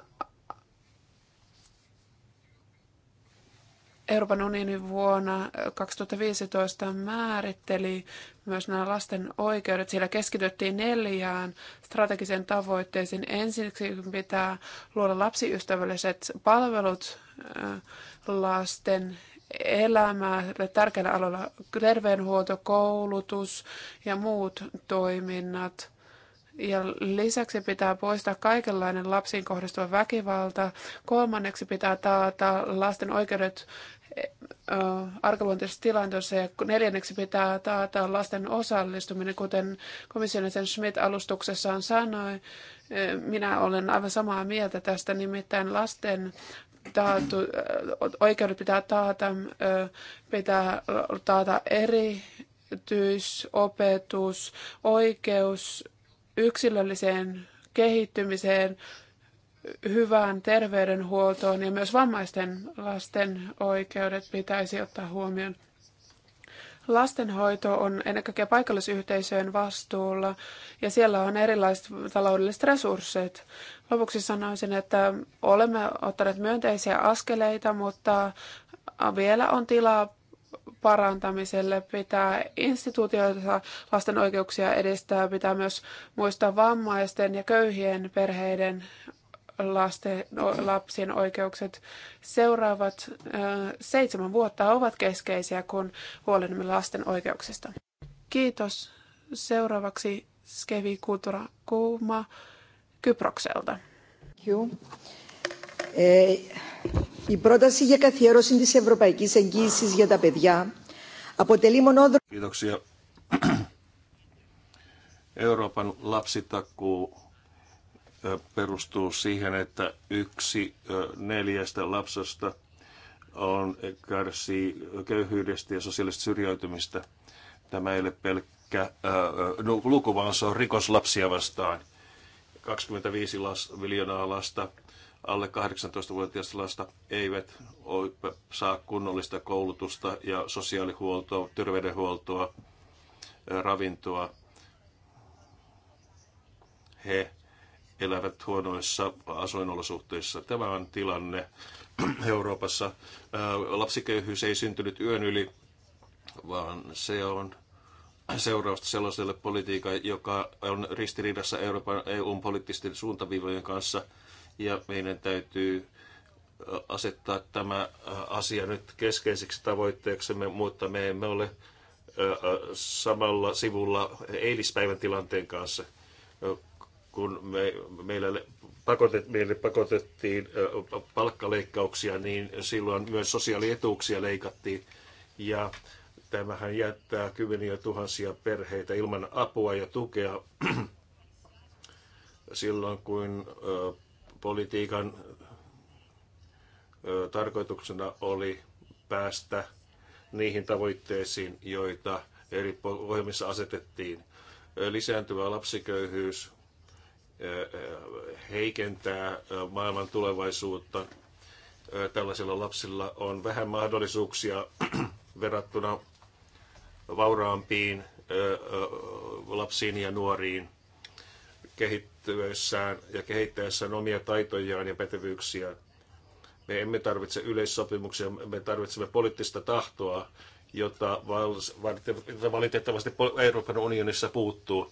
Euroopan unioni vuonna 2015 määritteli myös nämä lasten oikeudet. Siellä keskityttiin neljään strategiseen tavoitteisiin. Ensiksi pitää luoda lapsiystävälliset palvelut lasten elämää tärkeillä aloilla, terveydenhuolto, koulutus ja muut toiminnat. Ja lisäksi pitää poistaa kaikenlainen lapsiin kohdistuva väkivalta. Kolmanneksi pitää taata lasten oikeudet Äh, arkaluonteisessa tilanteessa ja neljänneksi pitää taata lasten osallistuminen, kuten komission sen Schmidt alustuksessaan sanoi. Äh, minä olen aivan samaa mieltä tästä, nimittäin lasten taatu, äh, oikeudet pitää taata, pitää taata erityisopetus, oikeus yksilölliseen kehittymiseen, hyvään terveydenhuoltoon ja myös vammaisten lasten oikeudet pitäisi ottaa huomioon. Lastenhoito on ennen kaikkea paikallisyhteisöjen vastuulla ja siellä on erilaiset taloudelliset resurssit. Lopuksi sanoisin, että olemme ottaneet myönteisiä askeleita, mutta vielä on tilaa parantamiselle. Pitää instituutioita lasten oikeuksia edistää, pitää myös muistaa vammaisten ja köyhien perheiden lasten, no, lapsien oikeukset. Seuraavat seitsemän vuotta ovat keskeisiä, kun huolehdimme lasten oikeuksista. Kiitos. Seuraavaksi Skevi Kutura Kuuma Kyprokselta. Kiitos. Eh, η πρόταση για καθιέρωση της Ευρωπαϊκής Εγγύησης για τα παιδιά αποτελεί μονόδρομο. Euroopan lapsitakuu perustuu siihen, että yksi neljästä lapsesta on, kärsii köyhyydestä ja sosiaalista syrjäytymistä. Tämä ei ole pelkkä no, luku, vaan se on rikos lapsia vastaan. 25 las, miljoonaa lasta, alle 18-vuotiaista lasta, eivät saa kunnollista koulutusta ja sosiaalihuoltoa, terveydenhuoltoa, ravintoa. He elävät huonoissa asuinolosuhteissa. Tämä on tilanne Euroopassa. Lapsiköyhyys ei syntynyt yön yli, vaan se on seurausta sellaiselle politiikalle, joka on ristiriidassa Euroopan EUn poliittisten suuntaviivojen kanssa. Ja meidän täytyy asettaa tämä asia nyt keskeiseksi tavoitteeksemme, mutta me emme ole samalla sivulla eilispäivän tilanteen kanssa kun me, meillä, pakotet, meille pakotettiin palkkaleikkauksia, niin silloin myös sosiaalietuuksia leikattiin. Ja tämähän jättää kymmeniä tuhansia perheitä ilman apua ja tukea silloin, kun politiikan tarkoituksena oli päästä niihin tavoitteisiin, joita eri ohjelmissa asetettiin. Lisääntyvä lapsiköyhyys heikentää maailman tulevaisuutta. Tällaisilla lapsilla on vähän mahdollisuuksia verrattuna vauraampiin lapsiin ja nuoriin kehittyessään ja kehittäessään omia taitojaan ja pätevyyksiään. Me emme tarvitse yleissopimuksia, me tarvitsemme poliittista tahtoa, jota valitettavasti Euroopan unionissa puuttuu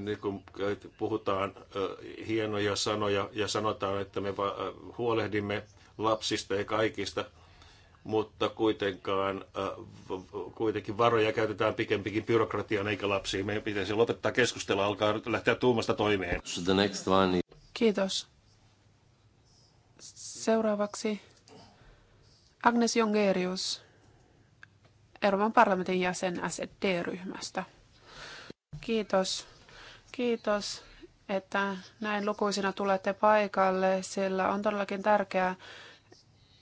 niin kun puhutaan hienoja sanoja ja sanotaan, että me huolehdimme lapsista ja kaikista, mutta kuitenkaan, kuitenkin varoja käytetään pikempikin byrokratiaan eikä lapsiin. Meidän pitäisi lopettaa keskustella, alkaa lähteä tuumasta toimeen. The next one. Kiitos. Seuraavaksi Agnes Jongerius, Euroopan parlamentin jäsen SD-ryhmästä. Kiitos Kiitos, että näin lukuisina tulette paikalle, sillä on todellakin tärkeää,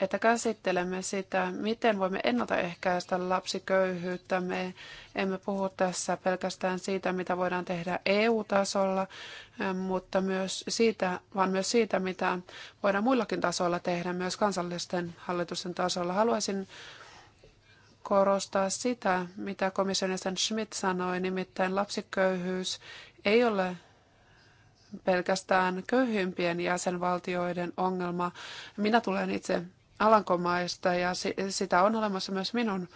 että käsittelemme sitä, miten voimme ennaltaehkäistä lapsiköyhyyttä. Me emme puhu tässä pelkästään siitä, mitä voidaan tehdä EU-tasolla, ähm, mutta myös siitä, vaan myös siitä, mitä voidaan muillakin tasoilla tehdä, myös kansallisten hallitusten tasolla. Haluaisin korostaa sitä, mitä komission jäsen Schmidt sanoi, nimittäin lapsiköyhyys ei ole pelkästään köyhimpien jäsenvaltioiden ongelma. Minä tulen itse Alankomaista ja sitä on olemassa myös minun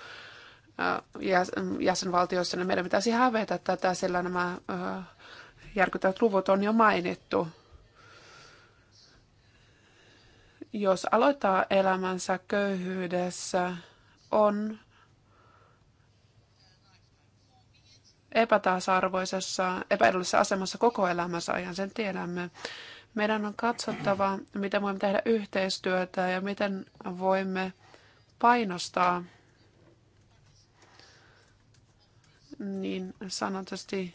jäsenvaltioissa, meidän pitäisi hävetä tätä, sillä nämä järkyttävät luvut on jo mainittu. Jos aloittaa elämänsä köyhyydessä, on epätasa-arvoisessa, epäedullisessa asemassa koko elämänsä ajan, sen tiedämme. Meidän on katsottava, miten voimme tehdä yhteistyötä ja miten voimme painostaa niin sanotusti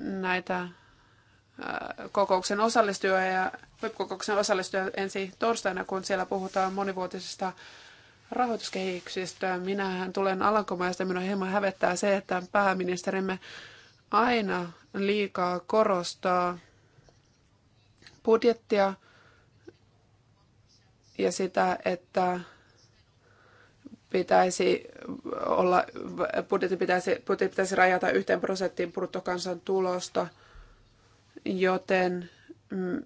näitä kokouksen osallistuja ja kokouksen osallistujia ensi torstaina, kun siellä puhutaan monivuotisista rahoituskehyksistä. Minähän tulen Alankomaista, minua hieman hävettää se, että pääministerimme aina liikaa korostaa budjettia ja sitä, että pitäisi olla, budjetti pitäisi, budjetti pitäisi rajata yhteen prosenttiin bruttokansantulosta, joten mm,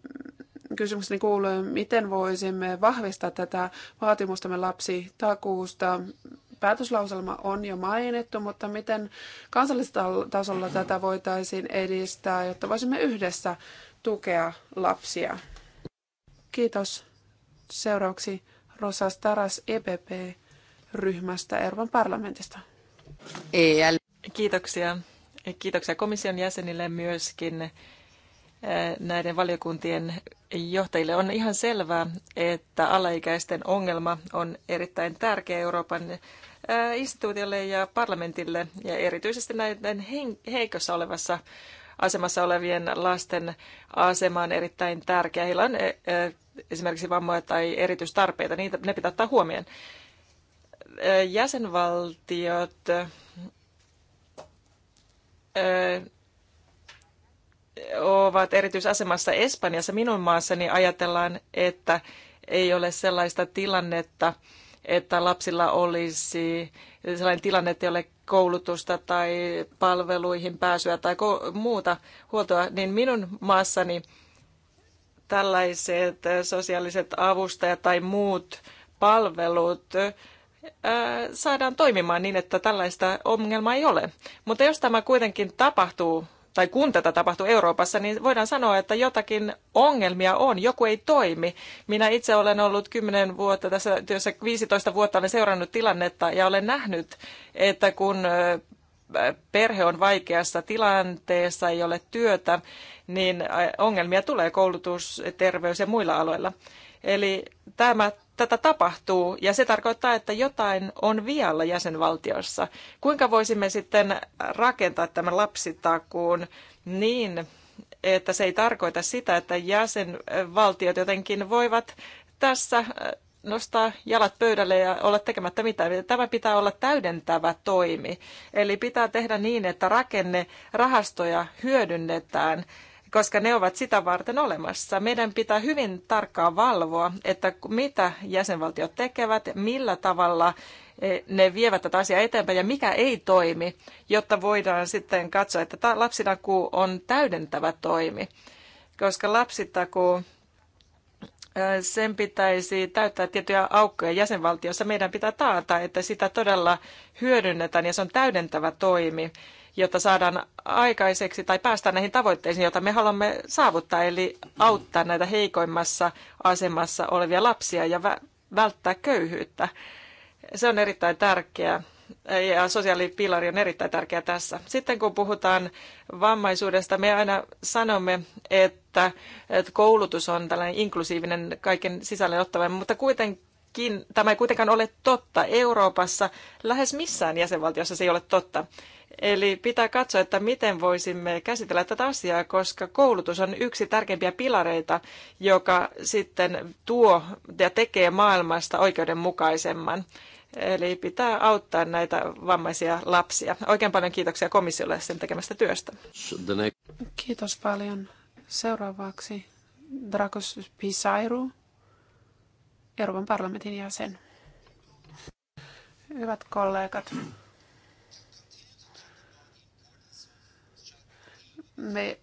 kysymykseni kuuluu, miten voisimme vahvistaa tätä vaatimustamme lapsitakuusta. Päätöslauselma on jo mainittu, mutta miten kansallisella tasolla tätä voitaisiin edistää, jotta voisimme yhdessä tukea lapsia? Kiitos. Seuraavaksi Rosa Staras EPP-ryhmästä Euroopan parlamentista. E Kiitoksia. Kiitoksia komission jäsenille myöskin Eh, näiden valiokuntien johtajille. On ihan selvää, että alaikäisten ongelma on erittäin tärkeä Euroopan eh, instituutiolle ja parlamentille ja erityisesti näiden heikossa olevassa asemassa olevien lasten asema on erittäin tärkeä. Heillä on eh, esimerkiksi vammoja tai erityistarpeita, niitä ne pitää ottaa huomioon. Jäsenvaltiot ovat erityisasemassa Espanjassa. Minun maassani ajatellaan, että ei ole sellaista tilannetta, että lapsilla olisi sellainen tilanne, että ei ole koulutusta tai palveluihin pääsyä tai muuta huoltoa, niin minun maassani tällaiset sosiaaliset avustajat tai muut palvelut saadaan toimimaan niin, että tällaista ongelmaa ei ole. Mutta jos tämä kuitenkin tapahtuu tai kun tätä tapahtuu Euroopassa, niin voidaan sanoa, että jotakin ongelmia on, joku ei toimi. Minä itse olen ollut kymmenen vuotta tässä työssä, 15 vuotta olen seurannut tilannetta ja olen nähnyt, että kun perhe on vaikeassa tilanteessa, ei ole työtä, niin ongelmia tulee koulutus, terveys ja muilla aloilla. Eli tämä tätä tapahtuu ja se tarkoittaa, että jotain on vialla jäsenvaltiossa. Kuinka voisimme sitten rakentaa tämän lapsitakuun niin, että se ei tarkoita sitä, että jäsenvaltiot jotenkin voivat tässä äh, nostaa jalat pöydälle ja olla tekemättä mitään. Tämä pitää olla täydentävä toimi. Eli pitää tehdä niin, että rakenne rahastoja hyödynnetään koska ne ovat sitä varten olemassa. Meidän pitää hyvin tarkkaan valvoa, että mitä jäsenvaltiot tekevät, millä tavalla e, ne vievät tätä asiaa eteenpäin ja mikä ei toimi, jotta voidaan sitten katsoa, että lapsinaku on täydentävä toimi, koska lapsitakuu sen pitäisi täyttää tiettyjä aukkoja jäsenvaltiossa. Meidän pitää taata, että sitä todella hyödynnetään ja se on täydentävä toimi, jotta saadaan aikaiseksi tai päästään näihin tavoitteisiin, joita me haluamme saavuttaa, eli auttaa näitä heikoimmassa asemassa olevia lapsia ja välttää köyhyyttä. Se on erittäin tärkeää ja sosiaalipilari on erittäin tärkeä tässä. Sitten kun puhutaan vammaisuudesta, me aina sanomme, että, että koulutus on tällainen inklusiivinen kaiken sisälle ottava, mutta kuitenkin tämä ei kuitenkaan ole totta. Euroopassa lähes missään jäsenvaltiossa se ei ole totta. Eli pitää katsoa, että miten voisimme käsitellä tätä asiaa, koska koulutus on yksi tärkeimpiä pilareita, joka sitten tuo ja tekee maailmasta oikeudenmukaisemman. Eli pitää auttaa näitä vammaisia lapsia. Oikein paljon kiitoksia komissiolle sen tekemästä työstä. Kiitos paljon. Seuraavaksi Dragos Pisairu, Euroopan parlamentin jäsen. Hyvät kollegat, me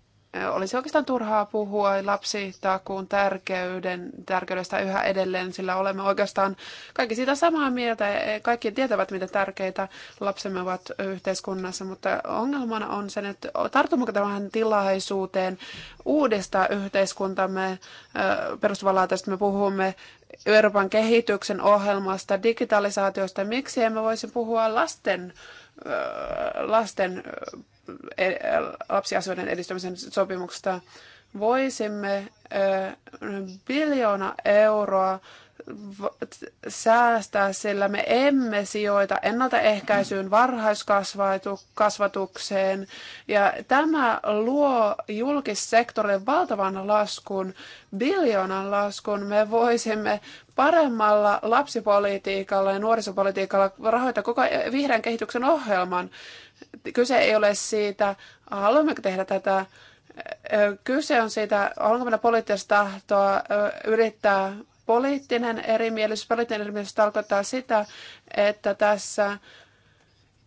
olisi oikeastaan turhaa puhua lapsitakuun tärkeyden, tärkeydestä yhä edelleen, sillä olemme oikeastaan kaikki siitä samaa mieltä. E, kaikki tietävät, miten tärkeitä lapsemme ovat yhteiskunnassa, mutta ongelmana on se, että tartumme tähän tilaisuuteen uudesta yhteiskuntamme perustuvanlaatuista. Me puhumme Euroopan kehityksen ohjelmasta, digitalisaatiosta. Miksi emme voisi puhua lasten lasten E, lapsiasioiden edistämisen sopimuksesta voisimme biljoona euroa säästää, sillä me emme sijoita ennaltaehkäisyyn, varhaiskasvatukseen. Ja tämä luo julkissektorille valtavan laskun, biljoonan laskun. Me voisimme paremmalla lapsipolitiikalla ja nuorisopolitiikalla rahoittaa koko vihreän kehityksen ohjelman. Kyse ei ole siitä, haluammeko tehdä tätä. Kyse on siitä, onko meillä poliittista tahtoa yrittää poliittinen erimielisyys. Poliittinen erimielisyys tarkoittaa sitä, että tässä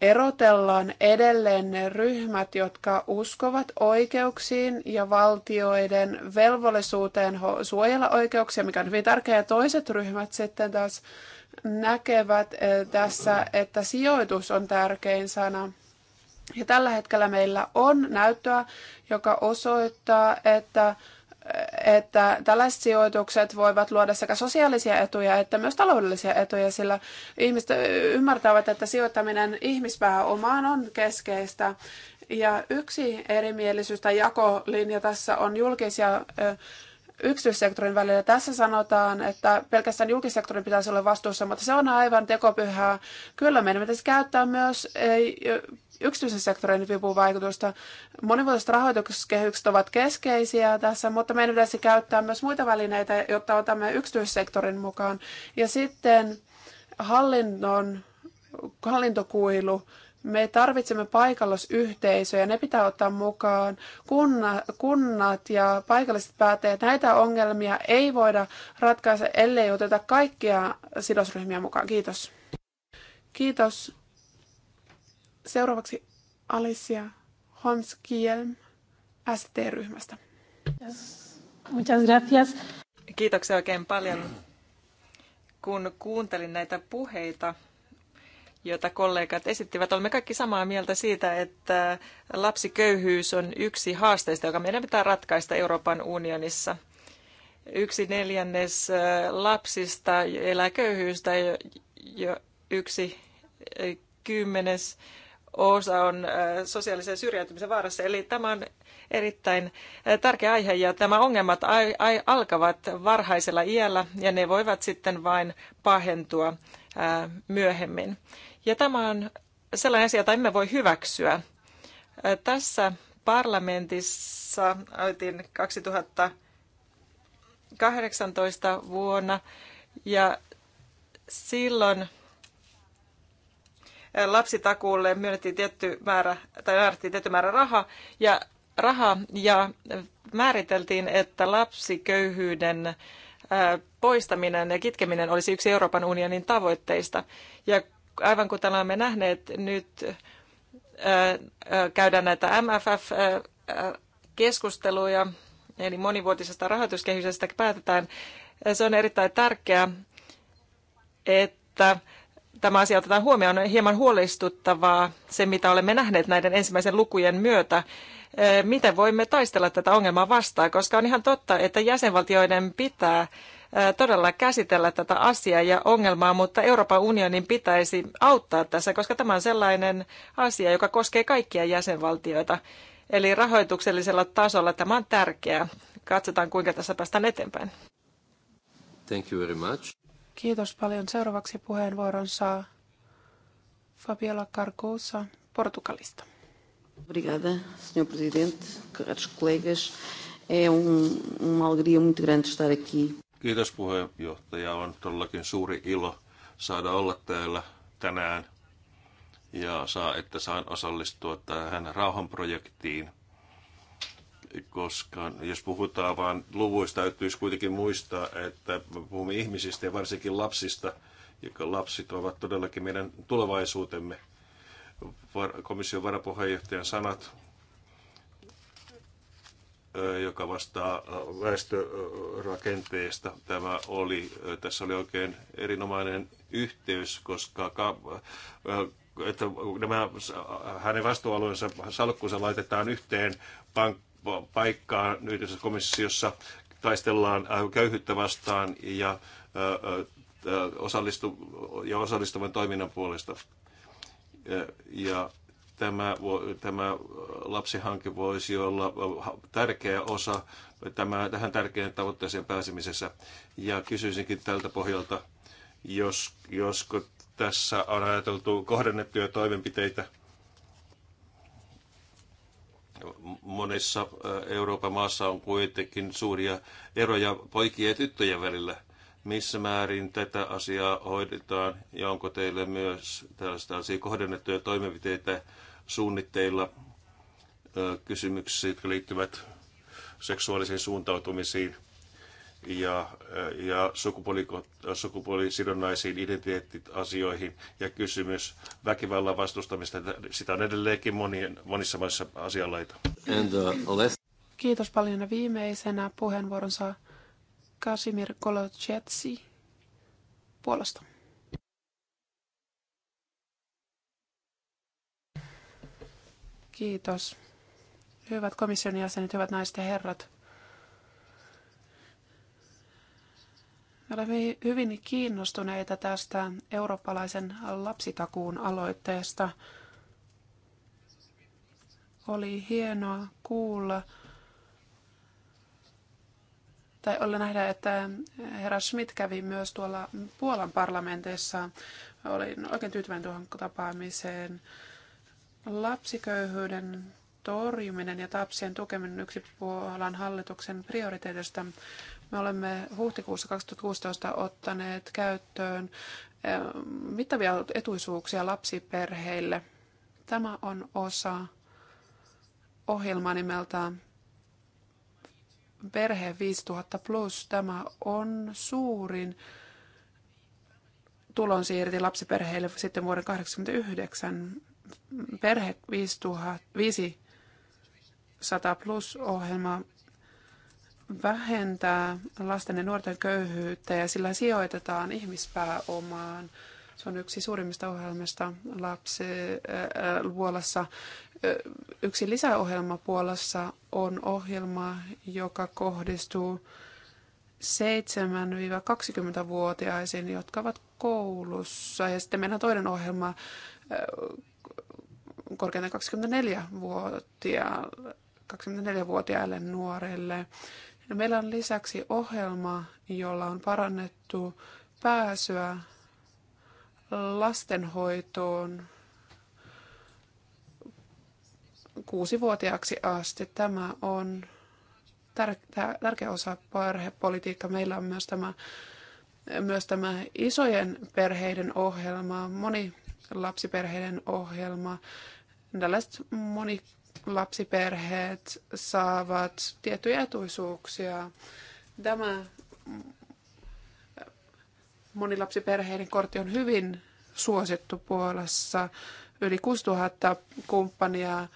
erotellaan edelleen ne ryhmät, jotka uskovat oikeuksiin ja valtioiden velvollisuuteen suojella oikeuksia, mikä on hyvin tärkeää. Toiset ryhmät sitten taas näkevät tässä, että sijoitus on tärkein sana. Ja tällä hetkellä meillä on näyttöä, joka osoittaa, että että tällaiset sijoitukset voivat luoda sekä sosiaalisia etuja että myös taloudellisia etuja, sillä ihmiset ymmärtävät, että sijoittaminen ihmispääomaan on keskeistä. Ja yksi erimielisyys tai jakolinja tässä on julkisia yksityissektorin välillä. Tässä sanotaan, että pelkästään julkisektorin pitäisi olla vastuussa, mutta se on aivan tekopyhää. Kyllä meidän pitäisi käyttää myös yksityisen sektorin vipuvaikutusta. Monivuotiset rahoituskehykset ovat keskeisiä tässä, mutta meidän pitäisi käyttää myös muita välineitä, jotta otamme yksityissektorin mukaan. Ja sitten hallinnon, hallintokuilu. Me tarvitsemme paikallisyhteisöjä, ne pitää ottaa mukaan. Kunna, kunnat ja paikalliset päättäjät, näitä ongelmia ei voida ratkaista, ellei oteta kaikkia sidosryhmiä mukaan. Kiitos. Kiitos. Seuraavaksi Alicia Homskielm ST-ryhmästä. Muchas gracias. Kiitoksia oikein paljon. Kun kuuntelin näitä puheita, jota kollegat esittivät. Olemme kaikki samaa mieltä siitä, että lapsiköyhyys on yksi haasteista, joka meidän pitää ratkaista Euroopan unionissa. Yksi neljännes lapsista elää köyhyystä, jo yksi kymmenes osa on sosiaalisen syrjäytymisen vaarassa. Eli tämä on erittäin tärkeä aihe ja tämä ongelmat alkavat varhaisella iällä ja ne voivat sitten vain pahentua myöhemmin. Ja tämä on sellainen asia, jota emme voi hyväksyä. Tässä parlamentissa aloitin 2018 vuonna ja silloin lapsitakuulle myönnettiin tietty määrä, tai määrättiin tietty määrä raha ja, raha, ja määriteltiin, että lapsiköyhyyden poistaminen ja kitkeminen olisi yksi Euroopan unionin tavoitteista. Ja aivan kuten olemme nähneet nyt, käydään näitä MFF-keskusteluja, eli monivuotisesta rahoituskehyksestä päätetään. Se on erittäin tärkeää, että tämä asia otetaan huomioon. On hieman huolestuttavaa se, mitä olemme nähneet näiden ensimmäisen lukujen myötä. Miten voimme taistella tätä ongelmaa vastaan, koska on ihan totta, että jäsenvaltioiden pitää todella käsitellä tätä asiaa ja ongelmaa, mutta Euroopan unionin pitäisi auttaa tässä, koska tämä on sellainen asia, joka koskee kaikkia jäsenvaltioita. Eli rahoituksellisella tasolla tämä on tärkeää. Katsotaan, kuinka tässä päästään eteenpäin. Thank you very much. Kiitos paljon. Seuraavaksi puheenvuoron saa Fabiola Carcosa Portugalista. Obrigada, senhor presidente, caros colegas. É um, uma alegria muito grande estar aqui. Kiitos puheenjohtaja. On todellakin suuri ilo saada olla täällä tänään ja saa, että saan osallistua tähän rauhanprojektiin. Koska jos puhutaan vain luvuista, täytyisi kuitenkin muistaa, että puhumme ihmisistä ja varsinkin lapsista, joka lapsit ovat todellakin meidän tulevaisuutemme. Komission varapuheenjohtajan sanat joka vastaa väestörakenteesta. Tämä oli, tässä oli oikein erinomainen yhteys, koska että nämä, hänen vastuualueensa salkkunsa laitetaan yhteen pank- paikkaan yhdessä komissiossa, taistellaan köyhyyttä vastaan ja, osallistu- ja osallistuvan toiminnan puolesta. Ja, tämä, tämä lapsihanke voisi olla tärkeä osa tämä, tähän tärkeään tavoitteeseen pääsemisessä. Ja kysyisinkin tältä pohjalta, jos, josko tässä on ajateltu kohdennettuja toimenpiteitä monissa Euroopan maassa on kuitenkin suuria eroja poikien ja tyttöjen välillä missä määrin tätä asiaa hoidetaan ja onko teille myös tällaisia kohdennettuja toimenpiteitä suunnitteilla kysymyksiä, jotka liittyvät seksuaalisiin suuntautumisiin ja, ja sukupuolisidonnaisiin identiteettiasioihin ja kysymys väkivallan vastustamista. Sitä on edelleenkin monien, monissa maissa asianlaita. Uh, Kiitos paljon. Viimeisenä puheenvuoron saa Kasimir Kolodzietsi puolesta. Kiitos. Hyvät komission jäsenet, hyvät naiset ja herrat. Me olemme hyvin kiinnostuneita tästä eurooppalaisen lapsitakuun aloitteesta. Oli hienoa kuulla tai olla nähdä, että herra Schmidt kävi myös tuolla Puolan parlamentissa. Olin oikein tyytyväinen tuohon tapaamiseen. Lapsiköyhyyden torjuminen ja lapsien tukeminen yksi Puolan hallituksen prioriteetista. Me olemme huhtikuussa 2016 ottaneet käyttöön eh, mittavia etuisuuksia lapsiperheille. Tämä on osa ohjelmaa nimeltä perhe 5000 plus, tämä on suurin tulonsiirti lapsiperheille sitten vuoden 1989. Perhe 500 plus ohjelma vähentää lasten ja nuorten köyhyyttä ja sillä sijoitetaan ihmispääomaan – se on yksi suurimmista ohjelmista lapsi äh, äh, Puolassa. Äh, yksi lisäohjelma Puolassa on ohjelma, joka kohdistuu 7-20-vuotiaisiin, jotka ovat koulussa. Ja sitten meillä on toinen ohjelma korkeintaan 24-vuotiaille 24 nuorille. Ja meillä on lisäksi ohjelma, jolla on parannettu pääsyä lastenhoitoon kuusivuotiaaksi asti. Tämä on tärkeä osa perhepolitiikkaa. Meillä on myös tämä, myös tämä isojen perheiden ohjelma, moni lapsiperheiden ohjelma. Tällaiset monilapsiperheet saavat tiettyjä etuisuuksia. Tämä monilapsiperheiden kortti on hyvin suosittu Puolassa. Yli 6000 kumppania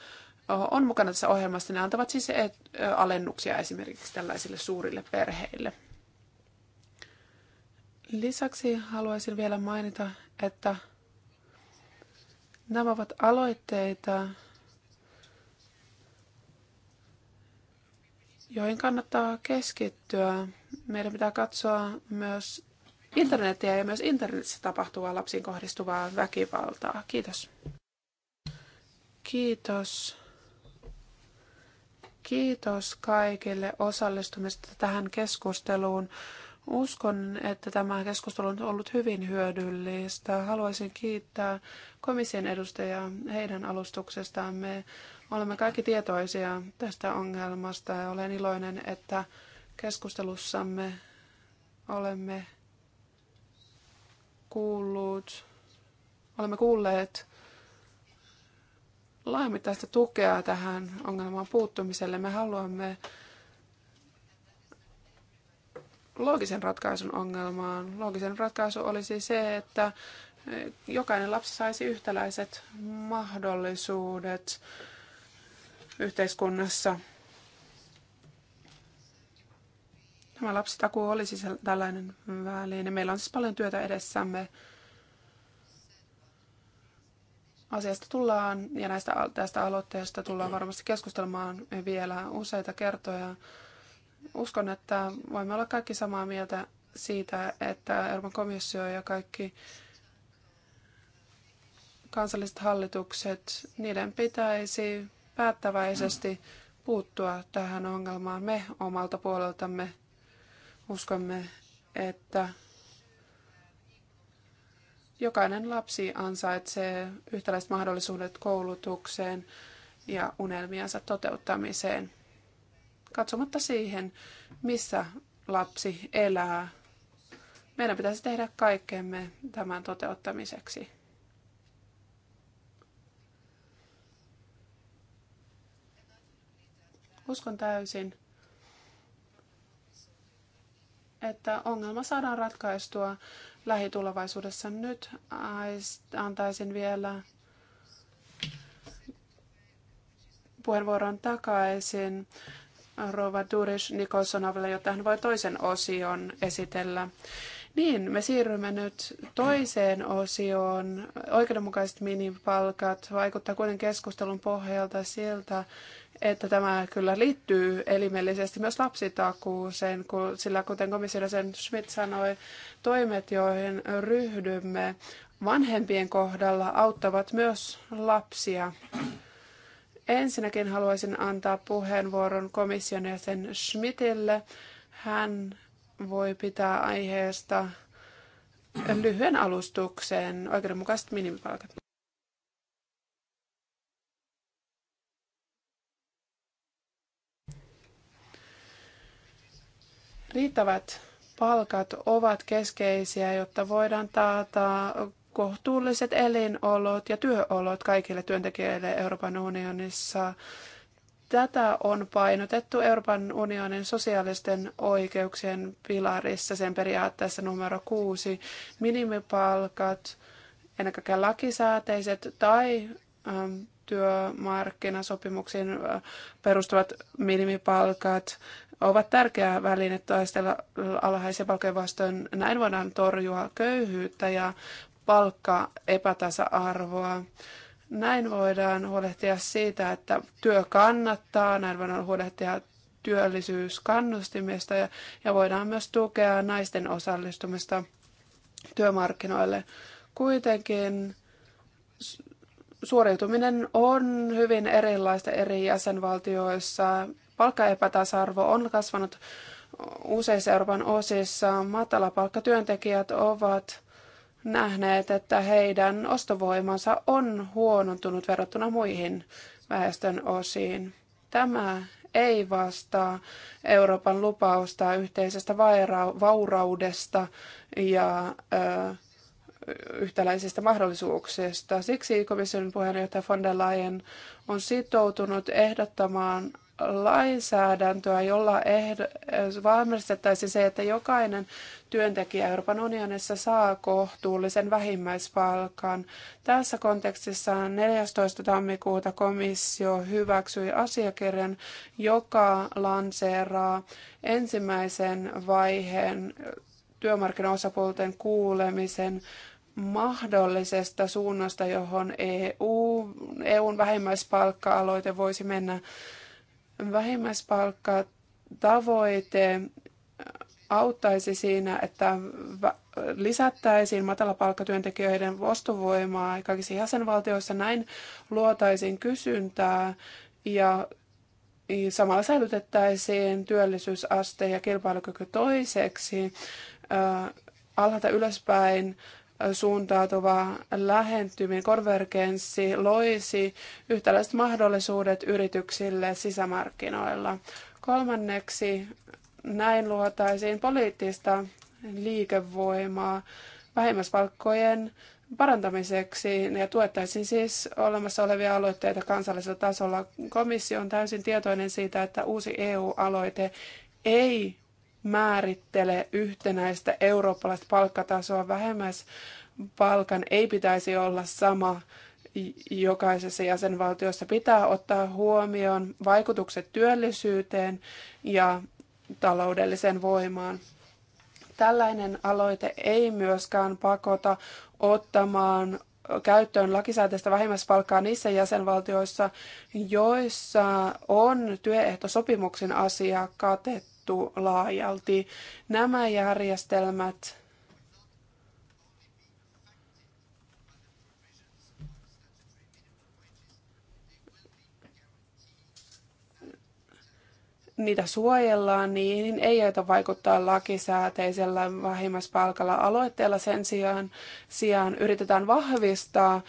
on mukana tässä ohjelmassa. Ne antavat siis e- alennuksia esimerkiksi tällaisille suurille perheille. Lisäksi haluaisin vielä mainita, että nämä ovat aloitteita, joihin kannattaa keskittyä. Meidän pitää katsoa myös internetiä ja myös internetissä tapahtuvaa lapsiin kohdistuvaa väkivaltaa. Kiitos. Kiitos. Kiitos kaikille osallistumisesta tähän keskusteluun. Uskon, että tämä keskustelu on ollut hyvin hyödyllistä. Haluaisin kiittää komission edustajaa heidän alustuksestaan. Me olemme kaikki tietoisia tästä ongelmasta ja olen iloinen, että keskustelussamme olemme kuullut, olemme kuulleet laajamittaista tukea tähän ongelmaan puuttumiselle. Me haluamme loogisen ratkaisun ongelmaan. Loogisen ratkaisu olisi se, että jokainen lapsi saisi yhtäläiset mahdollisuudet yhteiskunnassa. Tämä lapsitakuu olisi tällainen väline. Meillä on siis paljon työtä edessämme. Asiasta tullaan ja näistä, tästä aloitteesta tullaan varmasti keskustelemaan vielä useita kertoja. Uskon, että voimme olla kaikki samaa mieltä siitä, että Euroopan komissio ja kaikki kansalliset hallitukset, niiden pitäisi päättäväisesti puuttua tähän ongelmaan. Me omalta puoleltamme Uskomme, että jokainen lapsi ansaitsee yhtäläiset mahdollisuudet koulutukseen ja unelmiansa toteuttamiseen, katsomatta siihen, missä lapsi elää. Meidän pitäisi tehdä kaikkemme tämän toteuttamiseksi. Uskon täysin, että ongelma saadaan ratkaistua lähitulevaisuudessa. Nyt antaisin vielä puheenvuoron takaisin Rova Duris Nikolsonoville, jotta hän voi toisen osion esitellä. Niin, me siirrymme nyt toiseen osioon. Oikeudenmukaiset minipalkat vaikuttaa kuitenkin keskustelun pohjalta siltä, että tämä kyllä liittyy elimellisesti myös lapsitakuuseen, kun, sillä kuten komissio sen Schmidt sanoi, toimet, joihin ryhdymme vanhempien kohdalla, auttavat myös lapsia. Ensinnäkin haluaisin antaa puheenvuoron komission jäsen Schmidtille. Hän voi pitää aiheesta lyhyen alustuksen oikeudenmukaiset minimipalkat. Riittävät palkat ovat keskeisiä, jotta voidaan taata kohtuulliset elinolot ja työolot kaikille työntekijöille Euroopan unionissa. Tätä on painotettu Euroopan unionin sosiaalisten oikeuksien pilarissa, sen periaatteessa numero kuusi, minimipalkat, ennen kaikkea lakisääteiset tai ähm, työmarkkinasopimuksiin äh, perustuvat minimipalkat, ovat tärkeä väline taistella alhaisen palkkoja vastaan. Näin voidaan torjua köyhyyttä ja palkka-epätasa-arvoa. Näin voidaan huolehtia siitä, että työ kannattaa, näin voidaan huolehtia työllisyyskannustimista ja, ja voidaan myös tukea naisten osallistumista työmarkkinoille. Kuitenkin suoriutuminen on hyvin erilaista eri jäsenvaltioissa palkkaepätasa-arvo on kasvanut useissa Euroopan osissa. Matalapalkkatyöntekijät ovat nähneet, että heidän ostovoimansa on huonontunut verrattuna muihin väestön osiin. Tämä ei vastaa Euroopan lupausta yhteisestä vauraudesta ja ö, yhtäläisistä mahdollisuuksista. Siksi komission puheenjohtaja von der Leyen on sitoutunut ehdottamaan lainsäädäntöä, jolla ehd varmistettaisiin se, että jokainen työntekijä Euroopan unionissa saa kohtuullisen vähimmäispalkan. Tässä kontekstissa 14. tammikuuta komissio hyväksyi asiakirjan, joka lanseeraa ensimmäisen vaiheen työmarkkinaosapuolten kuulemisen mahdollisesta suunnasta, johon EU, EUn vähimmäispalkka-aloite voisi mennä vähimmäispalkkatavoite auttaisi siinä, että lisättäisiin matalapalkkatyöntekijöiden ostovoimaa kaikissa jäsenvaltioissa. Näin luotaisiin kysyntää ja samalla säilytettäisiin työllisyysaste ja kilpailukyky toiseksi alhaalta ylöspäin suuntautuva lähentyminen, konvergenssi loisi yhtäläiset mahdollisuudet yrityksille sisämarkkinoilla. Kolmanneksi näin luotaisiin poliittista liikevoimaa vähimmäispalkkojen parantamiseksi ja tuettaisiin siis olemassa olevia aloitteita kansallisella tasolla. Komissio on täysin tietoinen siitä, että uusi EU-aloite ei määrittele yhtenäistä eurooppalaista palkkatasoa. Vähemmäispalkan ei pitäisi olla sama jokaisessa jäsenvaltiossa. Pitää ottaa huomioon vaikutukset työllisyyteen ja taloudelliseen voimaan. Tällainen aloite ei myöskään pakota ottamaan käyttöön lakisääteistä vähimmäispalkkaa niissä jäsenvaltioissa, joissa on työehtosopimuksen asia katettu tunnettu laajalti. Nämä järjestelmät niitä suojellaan, niin ei aita vaikuttaa lakisääteisellä vähimmäispalkalla aloitteella. Sen sijaan, sijaan yritetään vahvistaa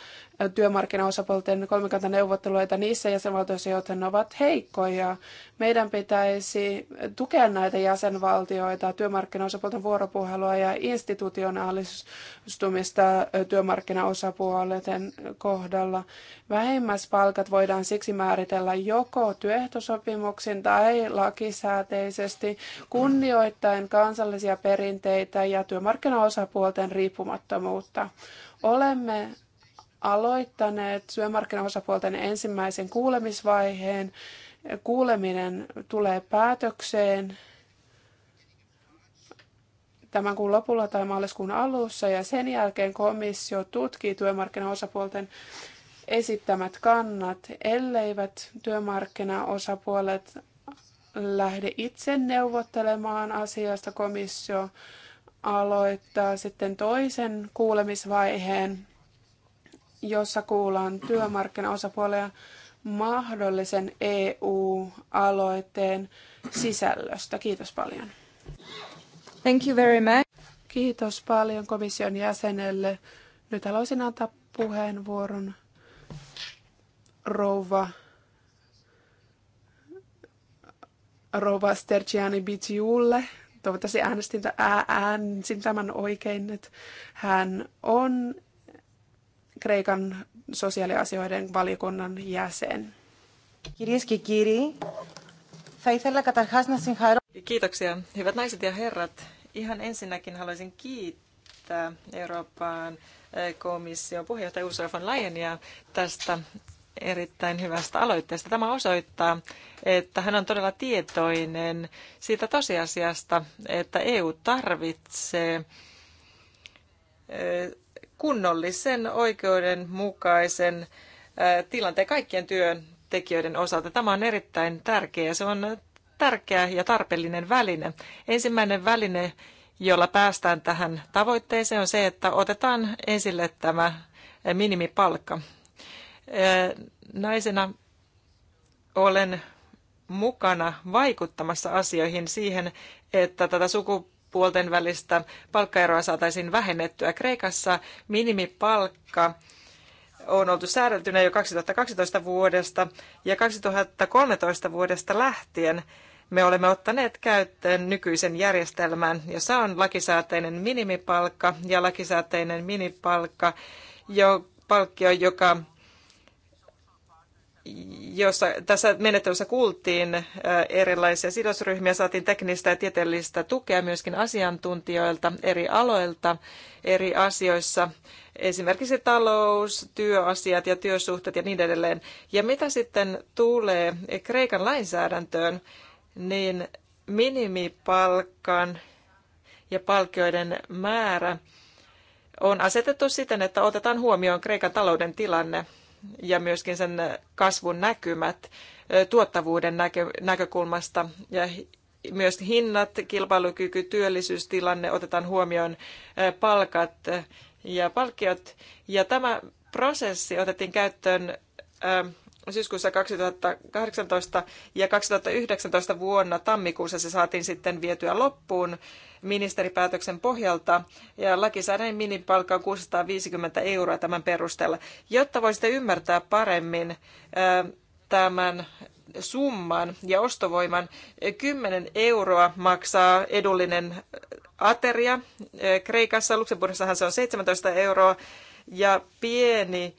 työmarkkinaosapuolten kolmikantaneuvotteluita niissä jäsenvaltioissa, jotka ne ovat heikkoja. Meidän pitäisi tukea näitä jäsenvaltioita, työmarkkinaosapuolten vuoropuhelua ja institutionaalistumista työmarkkinaosapuolten kohdalla. Vähimmäispalkat voidaan siksi määritellä joko työehtosopimuksin tai lakisääteisesti kunnioittaen kansallisia perinteitä ja työmarkkinaosapuolten riippumattomuutta. Olemme aloittaneet työmarkkinaosapuolten ensimmäisen kuulemisvaiheen. Kuuleminen tulee päätökseen tämän kuun lopulla tai maaliskuun alussa ja sen jälkeen komissio tutkii työmarkkinaosapuolten esittämät kannat, elleivät työmarkkinaosapuolet lähde itse neuvottelemaan asiasta komissio aloittaa sitten toisen kuulemisvaiheen jossa kuullaan työmarkkinaosapuolia mahdollisen EU-aloitteen sisällöstä. Kiitos paljon. Thank you very much. Kiitos paljon komission jäsenelle. Nyt haluaisin antaa puheenvuoron rouva, rouva Sterciani Bitiulle. Toivottavasti äänestin, äänsin tämän oikein, että hän on Kreikan sosiaaliasioiden valiokunnan jäsen. Kiitoksia, hyvät naiset ja herrat. Ihan ensinnäkin haluaisin kiittää Euroopan eh, komission puheenjohtaja Ursula von Leyenia tästä erittäin hyvästä aloitteesta. Tämä osoittaa, että hän on todella tietoinen siitä tosiasiasta, että EU tarvitsee eh, kunnollisen oikeudenmukaisen tilanteen kaikkien työntekijöiden osalta. Tämä on erittäin tärkeä. Se on tärkeä ja tarpeellinen väline. Ensimmäinen väline, jolla päästään tähän tavoitteeseen, on se, että otetaan esille tämä minimipalkka. Naisena olen mukana vaikuttamassa asioihin siihen, että tätä sukupuolta puolten välistä palkkaeroa saataisiin vähennettyä. Kreikassa minimipalkka on oltu säädeltynä jo 2012 vuodesta ja 2013 vuodesta lähtien me olemme ottaneet käyttöön nykyisen järjestelmän, jossa on lakisääteinen minimipalkka ja lakisääteinen minipalkka, jo palkkio, joka jossa tässä menettelyssä kuultiin erilaisia sidosryhmiä, saatiin teknistä ja tieteellistä tukea myöskin asiantuntijoilta eri aloilta eri asioissa, esimerkiksi talous, työasiat ja työsuhteet ja niin edelleen. Ja mitä sitten tulee Kreikan lainsäädäntöön, niin minimipalkan ja palkioiden määrä on asetettu siten, että otetaan huomioon Kreikan talouden tilanne – ja myöskin sen kasvun näkymät tuottavuuden näkö, näkökulmasta ja myös hinnat, kilpailukyky, työllisyystilanne otetaan huomioon palkat ja palkkiot. Ja tämä prosessi otettiin käyttöön syyskuussa 2018 ja 2019 vuonna tammikuussa se saatiin sitten vietyä loppuun ministeripäätöksen pohjalta ja lakisääteinen minipalkka on 650 euroa tämän perusteella. Jotta voisitte ymmärtää paremmin tämän summan ja ostovoiman, 10 euroa maksaa edullinen ateria. Kreikassa, Luxemburgissahan se on 17 euroa ja pieni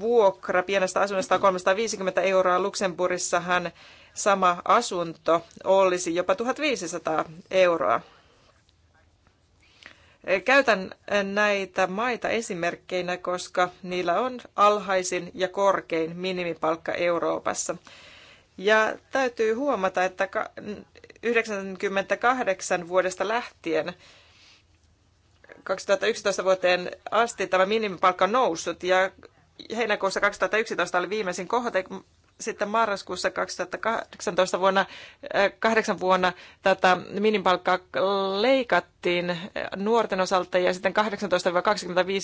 vuokra pienestä asunnosta on 350 euroa. Luxemburgissahan sama asunto olisi jopa 1500 euroa. Käytän näitä maita esimerkkeinä, koska niillä on alhaisin ja korkein minimipalkka Euroopassa. Ja täytyy huomata, että 1998 vuodesta lähtien 2011 vuoteen asti tämä minimipalkka on noussut ja heinäkuussa 2011 oli viimeisin kohde, sitten marraskuussa 2018 vuonna, äh, kahdeksan vuonna tätä minimipalkkaa leikattiin äh, nuorten osalta ja sitten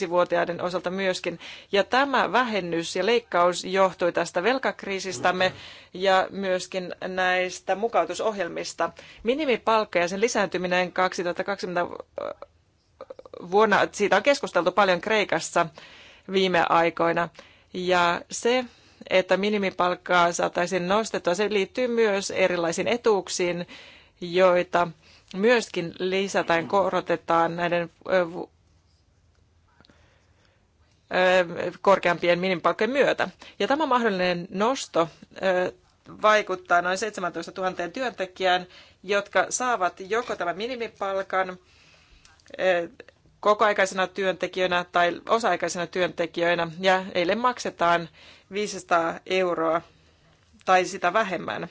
18-25-vuotiaiden osalta myöskin. Ja tämä vähennys ja leikkaus johtui tästä velkakriisistämme ja myöskin näistä mukautusohjelmista. Minimipalkka ja sen lisääntyminen 2020 äh, vuonna, siitä on keskusteltu paljon Kreikassa viime aikoina. Ja se, että minimipalkkaa saataisiin nostettua, se liittyy myös erilaisiin etuuksiin, joita myöskin lisätään, korotetaan näiden korkeampien minimipalkkojen myötä. Ja tämä mahdollinen nosto vaikuttaa noin 17 000 työntekijään, jotka saavat joko tämän minimipalkan kokoaikaisena työntekijänä tai osa-aikaisena työntekijöinä ja heille maksetaan 500 euroa tai sitä vähemmän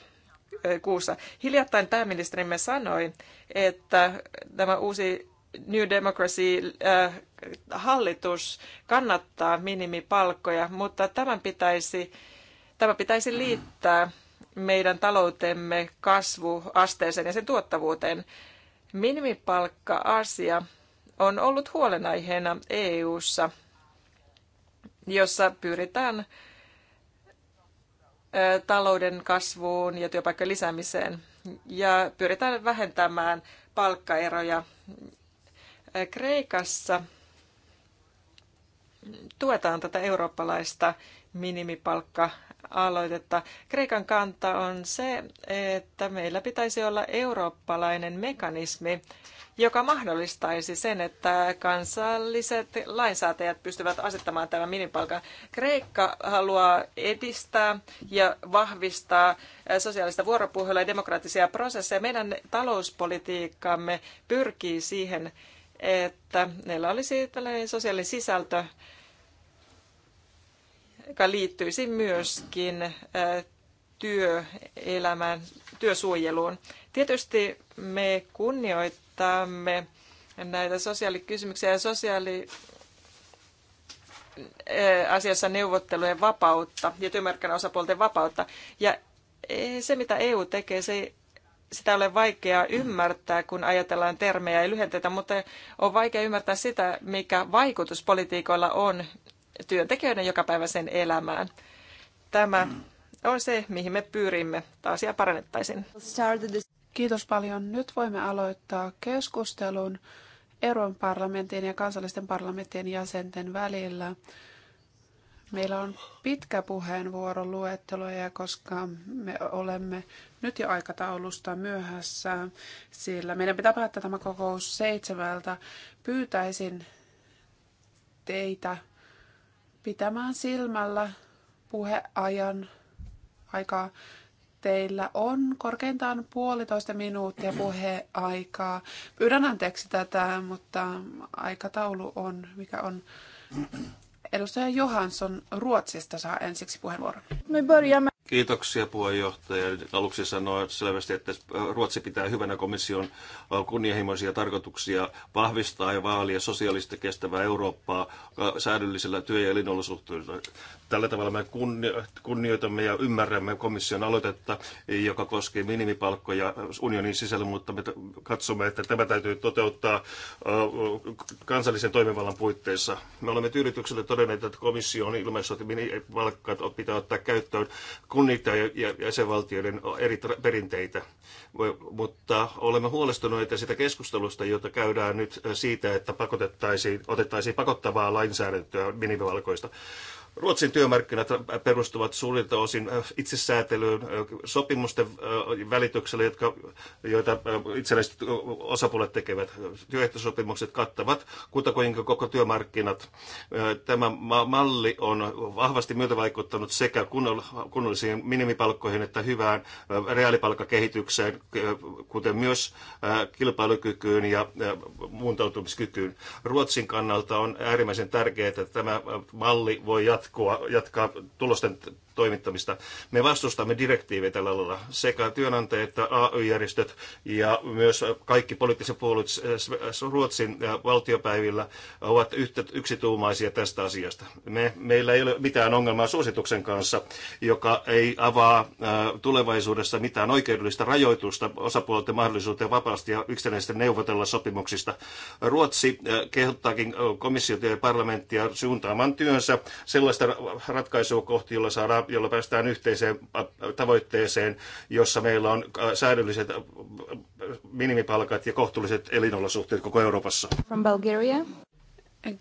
kuussa. Hiljattain pääministerimme sanoi, että tämä uusi New Democracy-hallitus kannattaa minimipalkkoja, mutta tämän pitäisi, tämä pitäisi liittää meidän taloutemme kasvuasteeseen ja sen tuottavuuteen. Minimipalkka-asia on ollut huolenaiheena EU:ssa, jossa pyritään talouden kasvuun ja työpaikkojen lisäämiseen ja pyritään vähentämään palkkaeroja. Kreikassa tuetaan tätä eurooppalaista minimipalkka aloitetta. Kreikan kanta on se, että meillä pitäisi olla eurooppalainen mekanismi, joka mahdollistaisi sen, että kansalliset lainsäätäjät pystyvät asettamaan tämän minipalkan. Kreikka haluaa edistää ja vahvistaa sosiaalista vuoropuhelua ja demokraattisia prosesseja. Meidän talouspolitiikkamme pyrkii siihen, että meillä olisi tällainen sosiaalinen sisältö joka liittyisi myöskin työelämän työsuojeluun. Tietysti me kunnioittamme näitä sosiaalikysymyksiä ja sosiaali asiassa neuvottelujen vapautta ja työmarkkinaosapuolten vapautta. Ja se, mitä EU tekee, se, sitä ole vaikea ymmärtää, kun ajatellaan termejä ja lyhenteitä, mutta on vaikea ymmärtää sitä, mikä vaikutus politiikoilla on työntekijöiden jokapäiväiseen elämään. Tämä on se, mihin me pyrimme. Tämä asia parannettaisiin. Kiitos paljon. Nyt voimme aloittaa keskustelun Euroopan parlamentin ja kansallisten parlamenttien jäsenten välillä. Meillä on pitkä puheenvuoro ja koska me olemme nyt jo aikataulusta myöhässä, sillä meidän pitää päättää tämä kokous seitsemältä, pyytäisin teitä pitämään silmällä puheajan aikaa. Teillä on korkeintaan puolitoista minuuttia puheaikaa. Pyydän anteeksi tätä, mutta aikataulu on mikä on. Edustaja Johansson Ruotsista saa ensiksi puheenvuoron. No, Kiitoksia puheenjohtaja. Aluksi sanoin selvästi, että Ruotsi pitää hyvänä komission kunnianhimoisia tarkoituksia vahvistaa ja vaalia sosiaalista kestävää Eurooppaa säädöllisellä työ- ja elinolosuhteilla. Tällä tavalla me kunnioitamme ja ymmärrämme komission aloitetta, joka koskee minimipalkkoja unionin sisällä, mutta me katsomme, että tämä täytyy toteuttaa kansallisen toimivallan puitteissa. Me olemme tyydytyksellä todenneet, että komissio on ilmaissut, että minimipalkkat pitää ottaa käyttöön kunnioittaa jäsenvaltioiden eri perinteitä, mutta olemme huolestuneita sitä keskustelusta, jota käydään nyt siitä, että pakotettaisiin, otettaisiin pakottavaa lainsäädäntöä minimivalkoista. Ruotsin työmarkkinat perustuvat suurilta osin äh, itsesäätelyyn, äh, sopimusten äh, välityksellä, jotka, joita itsenäiset osapuolet tekevät. Työehtosopimukset kattavat kutakuinkin koko työmarkkinat. Tämä malli on vahvasti vaikuttanut sekä kunnollisiin minimipalkkoihin että hyvään reaalipalkkakehitykseen, kuten myös kilpailukykyyn ja muuntautumiskykyyn. Ruotsin kannalta on äärimmäisen tärkeää, että tämä malli voi jatkaa jatkoa, jatkaa tulosten toimittamista. Me vastustamme direktiivejä tällä lailla sekä työnantajat että AY-järjestöt ja myös kaikki poliittiset puolueet Ruotsin valtiopäivillä ovat yhtä, yksituumaisia tästä asiasta. Me, meillä ei ole mitään ongelmaa suosituksen kanssa, joka ei avaa tulevaisuudessa mitään oikeudellista rajoitusta osapuolten mahdollisuuteen vapaasti ja yksilöllisesti neuvotella sopimuksista. Ruotsi kehottaakin komissiota ja parlamenttia suuntaamaan työnsä sellaista ratkaisua kohti, jolla saadaan jolla päästään yhteiseen äh, tavoitteeseen, jossa meillä on äh, säädölliset äh, minimipalkat ja kohtuulliset elinolosuhteet koko Euroopassa. From Bulgaria.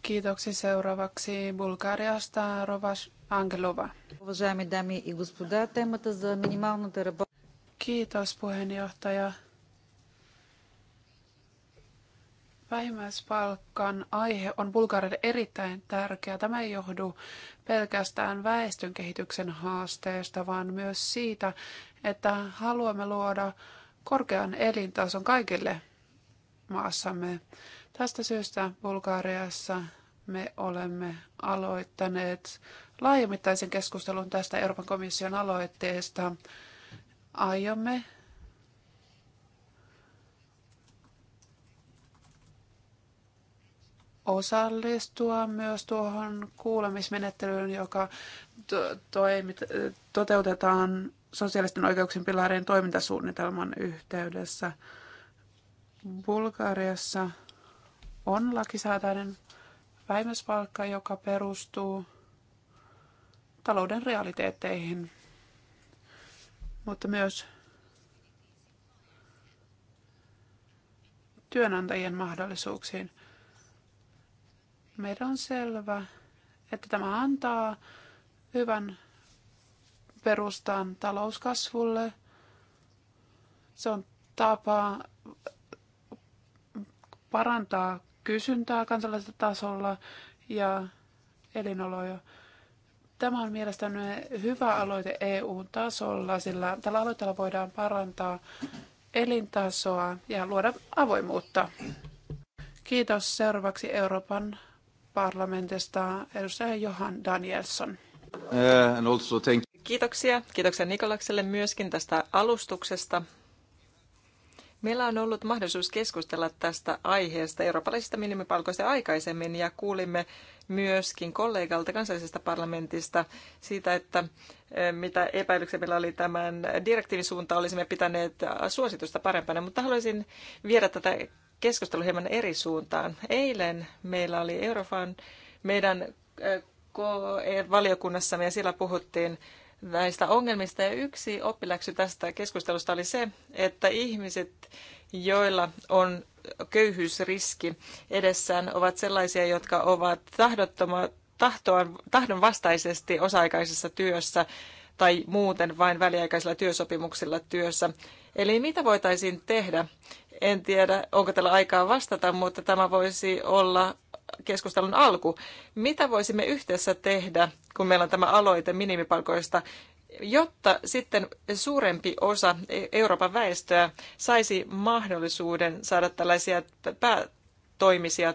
Kiitoksia seuraavaksi Bulgariasta Rovas Angelova. Kiitos puheenjohtaja. Vähimmäispalkan aihe on Bulgarille erittäin tärkeä. Tämä ei johdu pelkästään väestön kehityksen haasteesta, vaan myös siitä, että haluamme luoda korkean elintason kaikille maassamme. Tästä syystä Bulgariassa me olemme aloittaneet laajamittaisen keskustelun tästä Euroopan komission aloitteesta. Aiomme osallistua myös tuohon kuulemismenettelyyn, joka to- toimit, toteutetaan sosiaalisten oikeuksien pilarien toimintasuunnitelman yhteydessä. Bulgariassa on lakisääteinen vähimmäispalkka, joka perustuu talouden realiteetteihin, mutta myös työnantajien mahdollisuuksiin. Meidän on selvä, että tämä antaa hyvän perustan talouskasvulle. Se on tapa parantaa kysyntää kansallisella tasolla ja elinoloja. Tämä on mielestäni hyvä aloite EU-tasolla, sillä tällä aloitteella voidaan parantaa elintasoa ja luoda avoimuutta. Kiitos. Seuraavaksi Euroopan parlamentista edustaja Johan Danielson. Uh, Kiitoksia. Kiitoksia Nikolakselle myöskin tästä alustuksesta. Meillä on ollut mahdollisuus keskustella tästä aiheesta eurooppalaisista minimipalkoista aikaisemmin ja kuulimme myöskin kollegalta kansallisesta parlamentista siitä, että eh, mitä epäilyksiä meillä oli tämän direktiivin suuntaan, olisimme pitäneet suositusta parempana, mutta haluaisin viedä tätä keskustelu hieman eri suuntaan. Eilen meillä oli Eurofan meidän e, valiokunnassamme ja siellä puhuttiin näistä ongelmista. Ja yksi oppiläksy tästä keskustelusta oli se, että ihmiset, joilla on köyhyysriski edessään, ovat sellaisia, jotka ovat tahtoa, tahdon vastaisesti osa-aikaisessa työssä tai muuten vain väliaikaisilla työsopimuksilla työssä. Eli mitä voitaisiin tehdä, en tiedä, onko tällä aikaa vastata, mutta tämä voisi olla keskustelun alku. Mitä voisimme yhdessä tehdä, kun meillä on tämä aloite minimipalkoista, jotta sitten suurempi osa e- Euroopan väestöä saisi mahdollisuuden saada tällaisia päätoimisia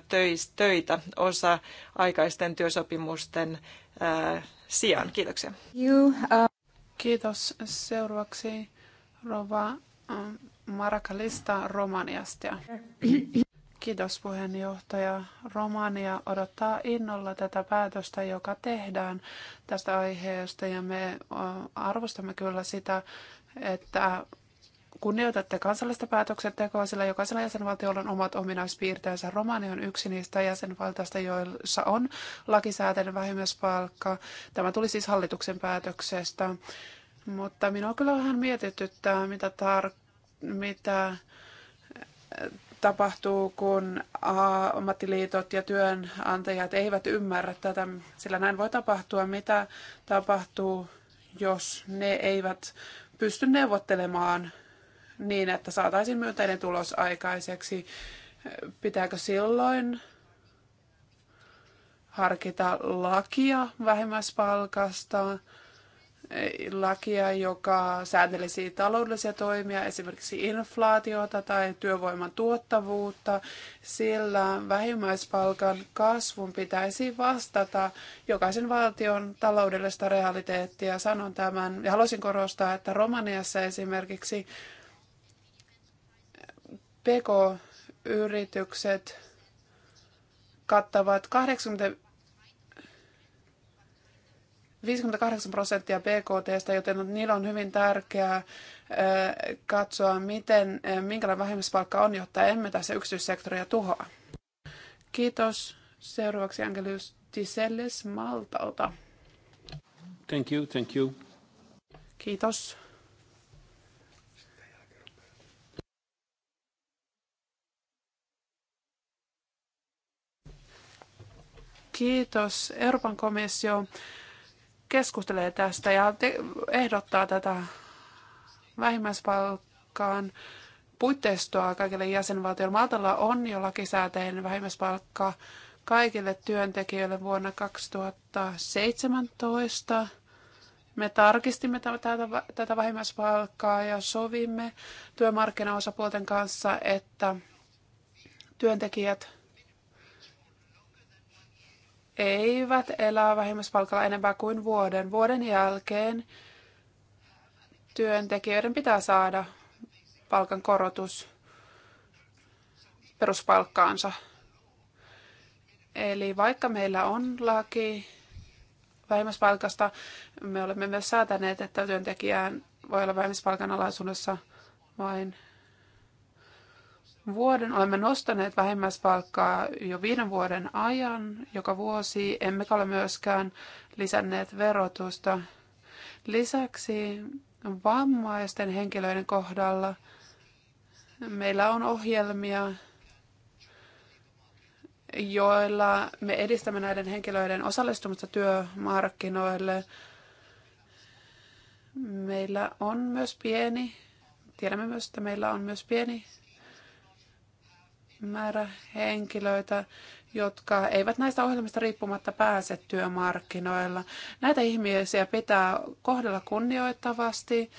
töitä osa aikaisten työsopimusten ää, sijaan? Kiitoksia. You, uh, Kiitos. Seuraavaksi Rova Marakalista Romaniasta. Kiitos puheenjohtaja. Romania odottaa innolla tätä päätöstä, joka tehdään tästä aiheesta ja me arvostamme kyllä sitä, että kunnioitatte kansallista päätöksentekoa, sillä jokaisella jäsenvaltiolla on omat ominaispiirteensä. Romania on yksi niistä jäsenvaltioista, joissa on lakisääteinen vähimmäispalkka. Tämä tuli siis hallituksen päätöksestä. Mutta minua kyllä vähän mietityttää, mitä, tar- mitä eh, tapahtuu, kun ammattiliitot ja työnantajat eivät ymmärrä tätä, sillä näin voi tapahtua. Mitä tapahtuu, jos ne eivät pysty neuvottelemaan niin, että saataisiin myönteinen tulos aikaiseksi? Pitääkö silloin harkita lakia vähimmäispalkasta? lakia, joka säännellisi taloudellisia toimia, esimerkiksi inflaatiota tai työvoiman tuottavuutta, sillä vähimmäispalkan kasvun pitäisi vastata jokaisen valtion taloudellista realiteettia. Sanon tämän ja haluaisin korostaa, että Romaniassa esimerkiksi PK-yritykset kattavat 80 58 prosenttia BKTstä, joten niillä on hyvin tärkeää katsoa, miten, minkälainen vähimmäispalkka on, jotta emme tässä yksityissektoria tuhoa. Kiitos. Seuraavaksi Angelius Tiselles Maltalta. Thank you, thank you. Kiitos. Kiitos Euroopan komissio keskustelee tästä ja ehdottaa tätä vähimmäispalkkaan puitteistoa kaikille jäsenvaltioille. Maltalla on jo lakisääteinen vähimmäispalkka kaikille työntekijöille vuonna 2017. Me tarkistimme tätä, tätä vähimmäispalkkaa ja sovimme työmarkkinaosapuolten kanssa, että työntekijät eivät elä vähimmäispalkalla enempää kuin vuoden. Vuoden jälkeen työntekijöiden pitää saada palkan korotus peruspalkkaansa. Eli vaikka meillä on laki vähimmäispalkasta, me olemme myös säätäneet, että työntekijään voi olla vähimmäispalkan alaisuudessa vain vuoden. Olemme nostaneet vähimmäispalkkaa jo viiden vuoden ajan joka vuosi, emmekä ole myöskään lisänneet verotusta. Lisäksi vammaisten henkilöiden kohdalla meillä on ohjelmia, joilla me edistämme näiden henkilöiden osallistumista työmarkkinoille. Meillä on myös pieni, tiedämme myös, että meillä on myös pieni määrä henkilöitä, jotka eivät näistä ohjelmista riippumatta pääse työmarkkinoilla. Näitä ihmisiä pitää kohdella kunnioittavasti.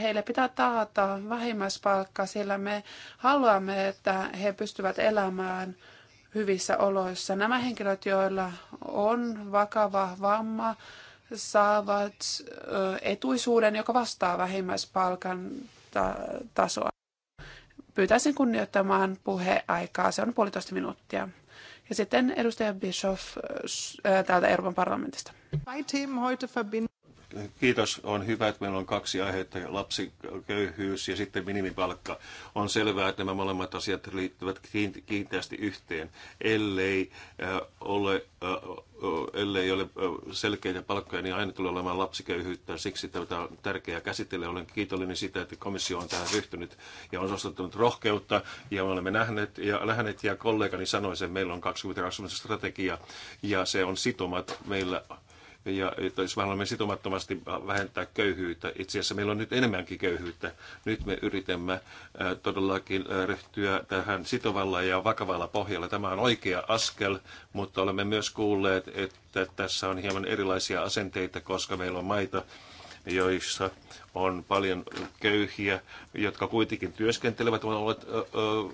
Heille pitää taata vähimmäispalkka, sillä me haluamme, että he pystyvät elämään hyvissä oloissa. Nämä henkilöt, joilla on vakava vamma, saavat etuisuuden, joka vastaa vähimmäispalkan tasoa. Pyytäisin kunnioittamaan puheaikaa, se on puolitoista minuuttia. Ja sitten edustaja Bischoff äh, täältä Euroopan parlamentista. Kiitos. On hyvä, että meillä on kaksi aihetta, lapsiköyhyys ja sitten minimipalkka. On selvää, että nämä molemmat asiat liittyvät kiinteästi yhteen, ellei äh, ole, äh, ellei ole äh, selkeitä palkkoja, niin aina tulee olemaan lapsiköyhyyttä. Siksi tätä on tärkeää käsitellä. Olen kiitollinen sitä, että komissio on tähän ryhtynyt ja on osoittanut rohkeutta. Ja me olemme nähneet ja, lähenneet ja kollegani sanoi sen, meillä on 20 strategia ja se on sitomat meillä ja jos me haluamme sitomattomasti vähentää köyhyyttä, itse asiassa meillä on nyt enemmänkin köyhyyttä. Nyt me yritämme todellakin ryhtyä tähän sitovalla ja vakavalla pohjalla. Tämä on oikea askel, mutta olemme myös kuulleet, että tässä on hieman erilaisia asenteita, koska meillä on maita, joissa on paljon köyhiä, jotka kuitenkin työskentelevät, ovat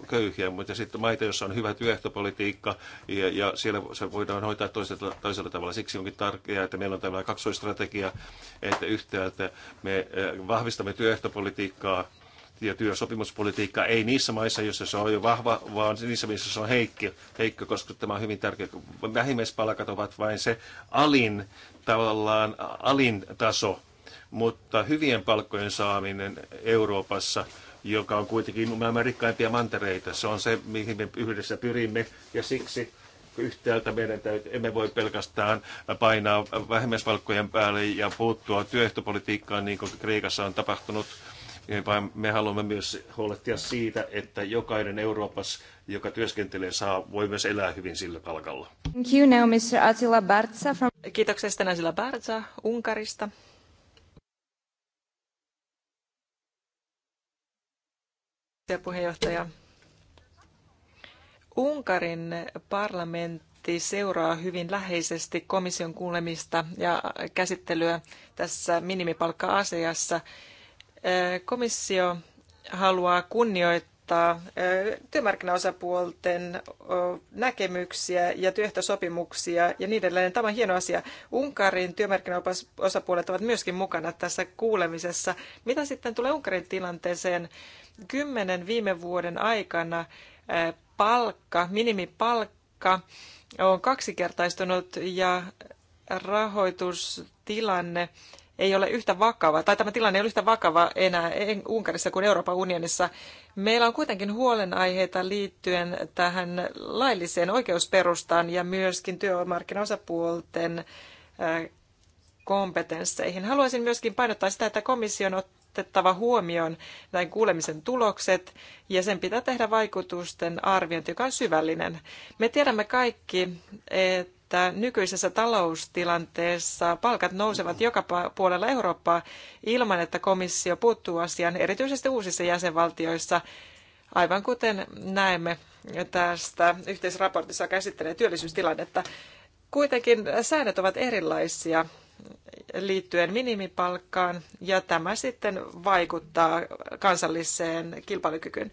köyhiä, mutta sitten maita, joissa on hyvä työehtopolitiikka ja, ja siellä se voidaan hoitaa toisella, toisella tavalla. Siksi onkin tärkeää, että meillä on tällainen kaksoistrategia, että yhtäältä me vahvistamme työehtopolitiikkaa ja työsopimuspolitiikkaa, ei niissä maissa, joissa se on jo vahva, vaan niissä, missä se on heikki, heikko, koska tämä on hyvin tärkeä. Vähimmäispalkat ovat vain se alin, tavallaan alin taso, mutta hyvien palkkojen saaminen Euroopassa, joka on kuitenkin maailman rikkaimpia mantereita, se on se, mihin me yhdessä pyrimme, ja siksi yhtäältä meidän täytyy, emme voi pelkästään painaa vähemmäisvalkkojen päälle ja puuttua työehtopolitiikkaan, niin kuin Kreikassa on tapahtunut, vaan me haluamme myös huolehtia siitä, että jokainen Euroopassa, joka työskentelee, saa, voi myös elää hyvin sillä palkalla. Thank you now, Mr. Attila Bartsa from... Kiitoksia sitten Attila Unkarista. puheenjohtaja. Unkarin parlamentti seuraa hyvin läheisesti komission kuulemista ja käsittelyä tässä minimipalkka-asiassa. Komissio haluaa kunnioittaa noudattaa työmarkkinaosapuolten näkemyksiä ja työehtosopimuksia ja niin edelleen. Tämä on hieno asia. Unkarin työmarkkinaosapuolet ovat myöskin mukana tässä kuulemisessa. Mitä sitten tulee Unkarin tilanteeseen? Kymmenen viime vuoden aikana palkka, minimipalkka on kaksikertaistunut ja rahoitustilanne ei ole yhtä vakava, tai tämä tilanne ei ole yhtä vakava enää Unkarissa kuin Euroopan unionissa. Meillä on kuitenkin huolenaiheita liittyen tähän lailliseen oikeusperustaan ja myöskin työmarkkinaosapuolten äh, kompetensseihin. Haluaisin myöskin painottaa sitä, että komission otettava huomioon näin kuulemisen tulokset ja sen pitää tehdä vaikutusten arviointi, joka on syvällinen. Me tiedämme kaikki, että että nykyisessä taloustilanteessa palkat nousevat joka puolella Eurooppaa ilman, että komissio puuttuu asiaan, erityisesti uusissa jäsenvaltioissa, aivan kuten näemme tästä yhteisraportissa käsittelee työllisyystilannetta. Kuitenkin säännöt ovat erilaisia liittyen minimipalkkaan, ja tämä sitten vaikuttaa kansalliseen kilpailukykyyn.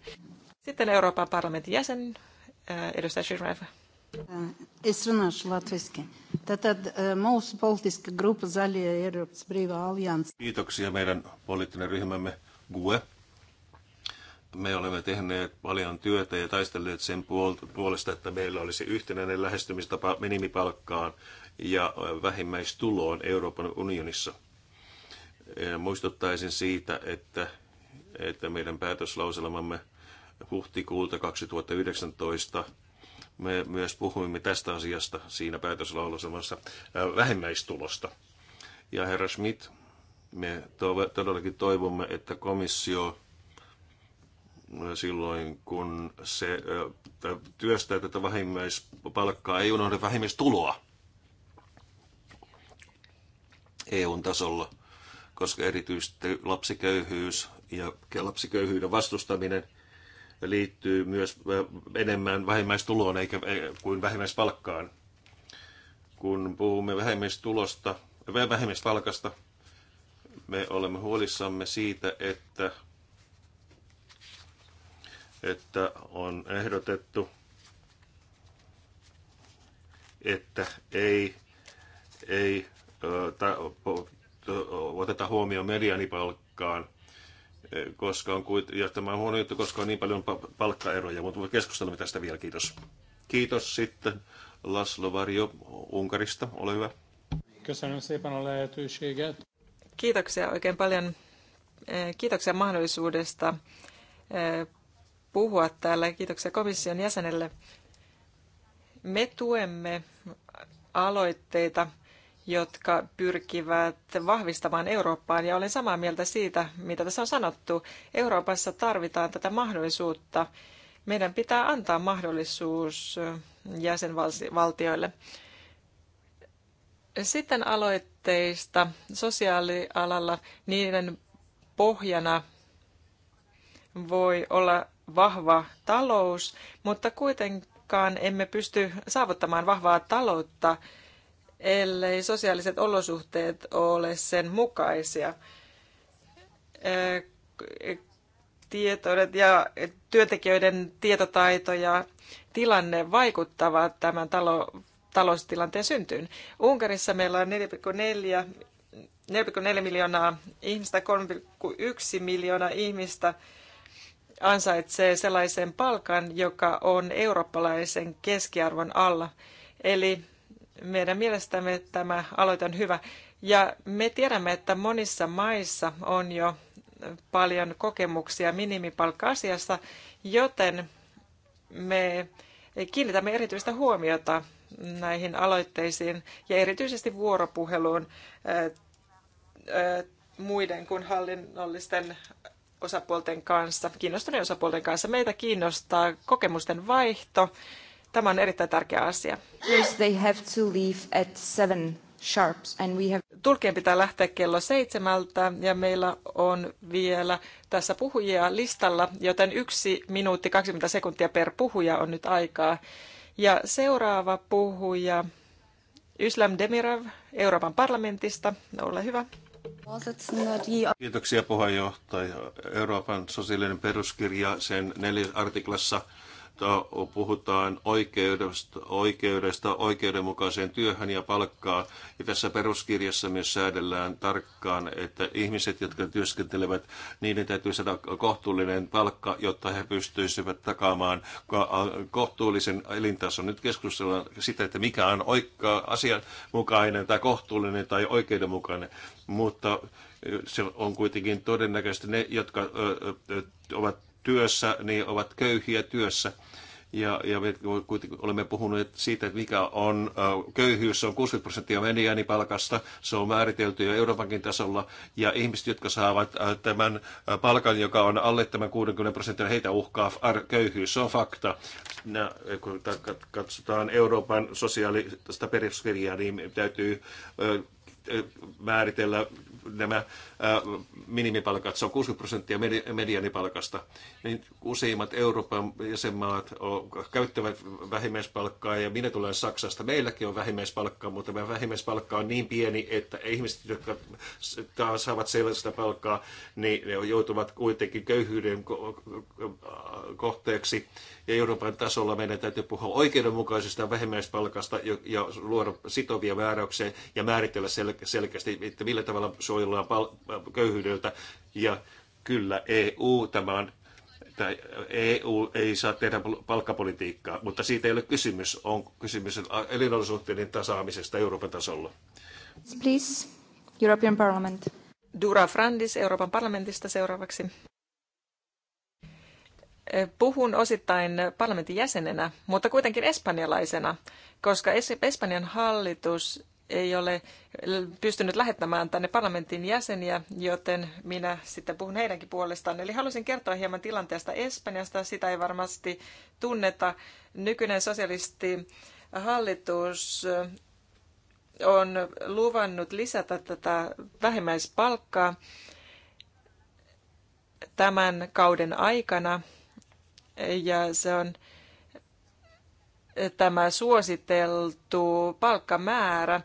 Sitten Euroopan parlamentin jäsen, eh, edustaja Schirmev. Es runāšu latviski. Tātad mūsu politiska grupa Zaļie Eiropas brīvā allianssi. Kiitoksia meidän poliittinen ryhmämme GUE. Me olemme tehneet paljon työtä ja taistelleet sen puolesta, että meillä olisi yhtenäinen lähestymistapa minimipalkkaan ja vähimmäistuloon Euroopan unionissa. Muistuttaisin siitä, että, että meidän päätöslauselmamme huhtikuulta 2019 me myös puhuimme tästä asiasta siinä päätöslaulusemassa äh, vähimmäistulosta. Ja herra Schmidt, me todellakin toivomme, että komissio äh, silloin, kun se äh, työstää tätä vähimmäispalkkaa, ei unohda vähimmäistuloa EUn tasolla, koska erityisesti lapsiköyhyys ja lapsiköyhyyden vastustaminen – liittyy myös enemmän vähimmäistuloon eikä e, kuin vähimmäispalkkaan. Kun puhumme vähimmäistulosta, vähimmäispalkasta, me olemme huolissamme siitä, että, että on ehdotettu, että ei, ei ta, oteta huomioon medianipalkkaan – koska on, ja tämä on huono juttu, koska on niin paljon palkkaeroja, mutta keskustelemme tästä vielä, kiitos. Kiitos sitten Laszlo Varjo Unkarista, ole hyvä. Kiitoksia oikein paljon. Eh, kiitoksia mahdollisuudesta eh, puhua täällä. Kiitoksia komission jäsenelle. Me tuemme aloitteita, jotka pyrkivät vahvistamaan Eurooppaan. Ja olen samaa mieltä siitä, mitä tässä on sanottu. Euroopassa tarvitaan tätä mahdollisuutta. Meidän pitää antaa mahdollisuus äh, jäsenvaltioille. Sitten aloitteista sosiaalialalla niiden pohjana voi olla vahva talous, mutta kuitenkaan emme pysty saavuttamaan vahvaa taloutta ellei sosiaaliset olosuhteet ole sen mukaisia. Tietoudet ja työntekijöiden tietotaito ja tilanne vaikuttavat tämän talo, taloustilanteen syntyyn. Unkarissa meillä on 4,4, 4,4 miljoonaa ihmistä, 3,1 miljoonaa ihmistä ansaitsee sellaisen palkan, joka on eurooppalaisen keskiarvon alla. Eli meidän mielestämme tämä aloite on hyvä. Ja me tiedämme, että monissa maissa on jo paljon kokemuksia minimipalkka-asiassa, joten me kiinnitämme erityistä huomiota näihin aloitteisiin ja erityisesti vuoropuheluun muiden kuin hallinnollisten osapuolten kanssa, kiinnostuneiden osapuolten kanssa. Meitä kiinnostaa kokemusten vaihto Tämä on erittäin tärkeä asia. They have to leave at seven sharps and we have... Tulkien pitää lähteä kello seitsemältä ja meillä on vielä tässä puhujia listalla, joten yksi minuutti 20 sekuntia per puhuja on nyt aikaa. Ja seuraava puhuja, Yslam Demirav Euroopan parlamentista, ole hyvä. Kiitoksia puheenjohtaja. Euroopan sosiaalinen peruskirja sen neljäs artiklassa mutta puhutaan oikeudesta, oikeudesta oikeudenmukaiseen työhön ja palkkaan. Ja tässä peruskirjassa myös säädellään tarkkaan, että ihmiset, jotka työskentelevät, niiden täytyy saada kohtuullinen palkka, jotta he pystyisivät takaamaan kohtuullisen elintason. Nyt keskustellaan sitä, että mikä on oikea, asianmukainen tai kohtuullinen tai oikeudenmukainen, mutta se on kuitenkin todennäköisesti ne, jotka ovat työssä, niin ovat köyhiä työssä. Ja, ja me kuitenkin olemme puhuneet siitä, että mikä on köyhyys, se on 60 prosenttia mediaanipalkasta, se on määritelty jo Euroopankin tasolla, ja ihmiset, jotka saavat tämän palkan, joka on alle tämän 60 prosenttia, heitä uhkaa köyhyys, se on fakta. Ja, kun katsotaan Euroopan sosiaalista peruskirjaa, niin täytyy määritellä nämä äh, minimipalkat, se on 60 prosenttia medianipalkasta, niin useimmat Euroopan jäsenmaat käyttävät vähimmäispalkkaa ja minä tulen Saksasta. Meilläkin on vähimmäispalkkaa, mutta tämä vähimmäispalkka on niin pieni, että ihmiset, jotka saavat sellaista palkkaa, niin ne joutuvat kuitenkin köyhyyden kohteeksi ja Euroopan tasolla meidän täytyy puhua oikeudenmukaisesta vähimmäispalkasta ja luoda sitovia määräyksiä ja määritellä sel- selkeästi, että millä tavalla suojellaan köyhyydeltä. Ja kyllä EU, tämä on EU e ei saa tehdä palkkapolitiikkaa, mutta siitä ei ole kysymys. On kysymys elinolosuhteiden tasaamisesta Euroopan tasolla. Please, European Parliament. Dura Frandis Euroopan parlamentista seuraavaksi. Puhun osittain parlamentin jäsenenä, mutta kuitenkin espanjalaisena, koska Espanjan hallitus ei ole pystynyt lähettämään tänne parlamentin jäseniä, joten minä sitten puhun heidänkin puolestaan. Eli halusin kertoa hieman tilanteesta Espanjasta. Sitä ei varmasti tunneta. Nykyinen sosialistihallitus on luvannut lisätä tätä vähimmäispalkkaa tämän kauden aikana – ja se on tämä suositeltu palkkamäärä.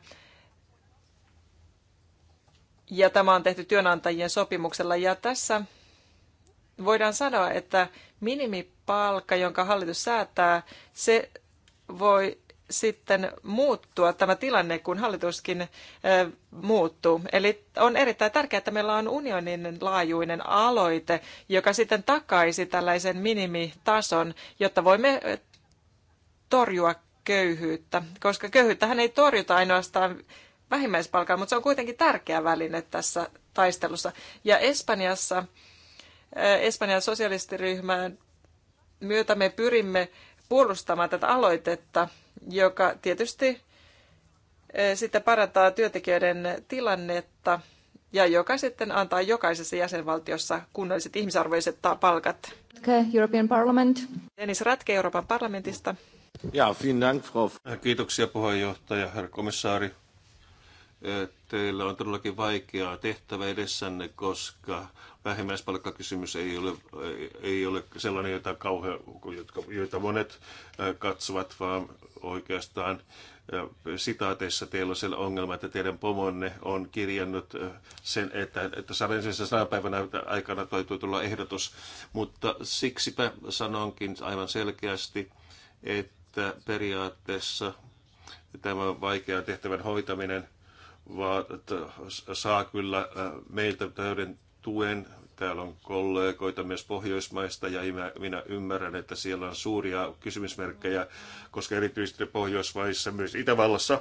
Ja tämä on tehty työnantajien sopimuksella. Ja tässä voidaan sanoa, että minimipalkka, jonka hallitus säätää, se voi sitten muuttua tämä tilanne, kun hallituskin muuttuu. Eli on erittäin tärkeää, että meillä on unionin laajuinen aloite, joka sitten takaisi tällaisen minimitason, jotta voimme torjua köyhyyttä, koska köyhyyttähän ei torjuta ainoastaan vähimmäispalkalla, mutta se on kuitenkin tärkeä väline tässä taistelussa. Ja Espanjassa, Espanjan sosialistiryhmän myötä me pyrimme puolustamaan tätä aloitetta, joka tietysti eh, sitten parantaa työntekijöiden tilannetta ja joka sitten antaa jokaisessa jäsenvaltiossa kunnolliset ihmisarvoiset palkat. European Parliament. Dennis Ratke Euroopan parlamentista. Ja, Dank, Kiitoksia puheenjohtaja, herra komissaari teillä on todellakin vaikeaa tehtävä edessänne, koska vähimmäispalkkakysymys ei ole, ei ole sellainen, jota, kauhean, jotka, joita monet katsovat, vaan oikeastaan sitaateissa teillä on siellä ongelma, että teidän pomonne on kirjannut sen, että, että sadanensissä sanapäivänä aikana täytyy tulla ehdotus. Mutta siksipä sanonkin aivan selkeästi, että periaatteessa tämä vaikean tehtävän hoitaminen – vaan saa kyllä äh, meiltä täyden tuen. Täällä on kollegoita myös Pohjoismaista ja minä ymmärrän, että siellä on suuria kysymysmerkkejä, koska erityisesti Pohjoismaissa, myös Itävallassa,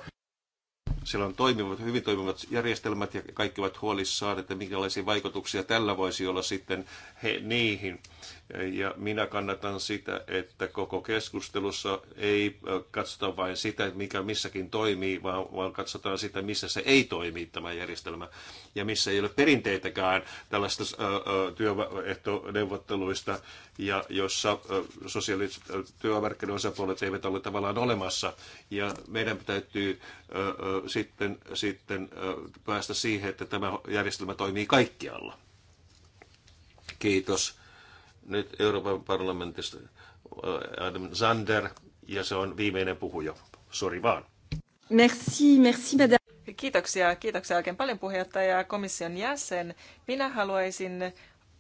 siellä on toimivat, hyvin toimivat järjestelmät ja kaikki ovat huolissaan, että minkälaisia vaikutuksia tällä voisi olla sitten he, niihin. Ja minä kannatan sitä, että koko keskustelussa ei katsota vain sitä, mikä missäkin toimii, vaan, vaan katsotaan sitä, missä se ei toimi tämä järjestelmä ja missä ei ole perinteitäkään tällaista työehtoneuvotteluista ja jossa sosiaaliset työmarkkinaosapuolet eivät ole tavallaan olemassa. Ja meidän täytyy sitten, sitten päästä siihen, että tämä järjestelmä toimii kaikkialla. Kiitos. Nyt Euroopan parlamentista Adam Zander, ja se on viimeinen puhuja. Sori vaan. Merci, merci madame. Kiitoksia, kiitoksia oikein paljon puheenjohtaja ja komission jäsen. Minä haluaisin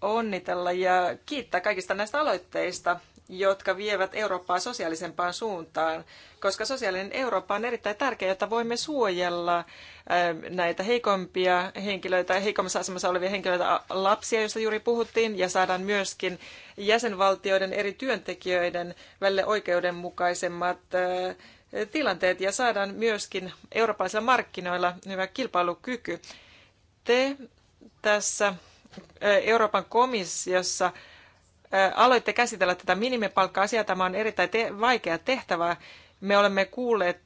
onnitella ja kiittää kaikista näistä aloitteista, jotka vievät Eurooppaa sosiaalisempaan suuntaan, koska sosiaalinen Eurooppa on erittäin tärkeä, jotta voimme suojella äh, näitä heikompia henkilöitä, heikommassa asemassa olevia henkilöitä, lapsia, joista juuri puhuttiin, ja saadaan myöskin jäsenvaltioiden eri työntekijöiden välille oikeudenmukaisemmat äh, tilanteet, ja saadaan myöskin eurooppalaisilla markkinoilla hyvä kilpailukyky. Te tässä Euroopan komissiossa aloitte käsitellä tätä minimipalkka-asiaa. Tämä on erittäin te- vaikea tehtävä. Me olemme kuulleet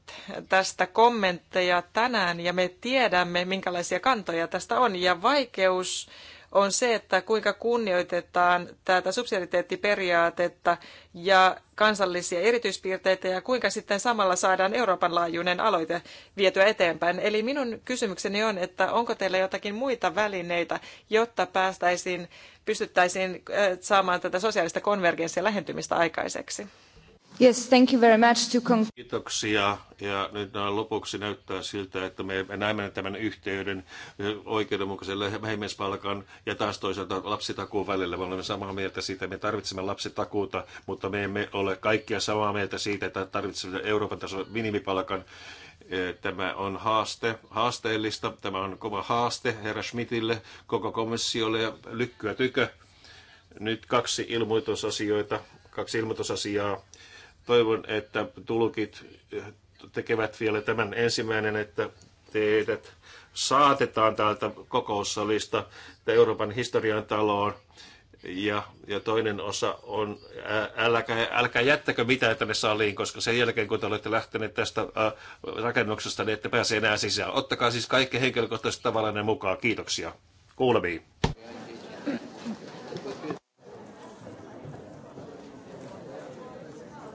tästä kommentteja tänään ja me tiedämme, minkälaisia kantoja tästä on. Ja vaikeus on se, että kuinka kunnioitetaan tätä subsidiariteettiperiaatetta ja kansallisia erityispiirteitä ja kuinka sitten samalla saadaan Euroopan laajuinen aloite vietyä eteenpäin. Eli minun kysymykseni on, että onko teillä jotakin muita välineitä, jotta päästäisiin, pystyttäisiin äh, saamaan tätä sosiaalista konvergenssia lähentymistä aikaiseksi? Yes, thank you very much to con- Kiitoksia. Ja nyt lopuksi näyttää siltä, että me näemme tämän yhteyden oikeudenmukaisen vähimmäispalkan ja taas toisaalta lapsitakuun välillä. Me olemme samaa mieltä siitä, että me tarvitsemme lapsitakuuta, mutta me emme ole kaikkia samaa mieltä siitä, että tarvitsemme Euroopan tason minimipalkan. Tämä on haaste, haasteellista. Tämä on kova haaste herra Schmidtille, koko komissiolle ja lykkyä tykö. Nyt kaksi ilmoitusasioita, kaksi ilmoitusasiaa Toivon, että tulkit tekevät vielä tämän ensimmäinen, että teidät saatetaan täältä kokoussalista Euroopan historian taloon. Ja, ja toinen osa on, älkää, älkää jättäkö mitään tänne saliin, koska sen jälkeen kun te olette lähteneet tästä ä, rakennuksesta, niin ette pääse enää sisään. Ottakaa siis kaikki henkilökohtaiset tavallaan mukaan. Kiitoksia. Kuulemiin.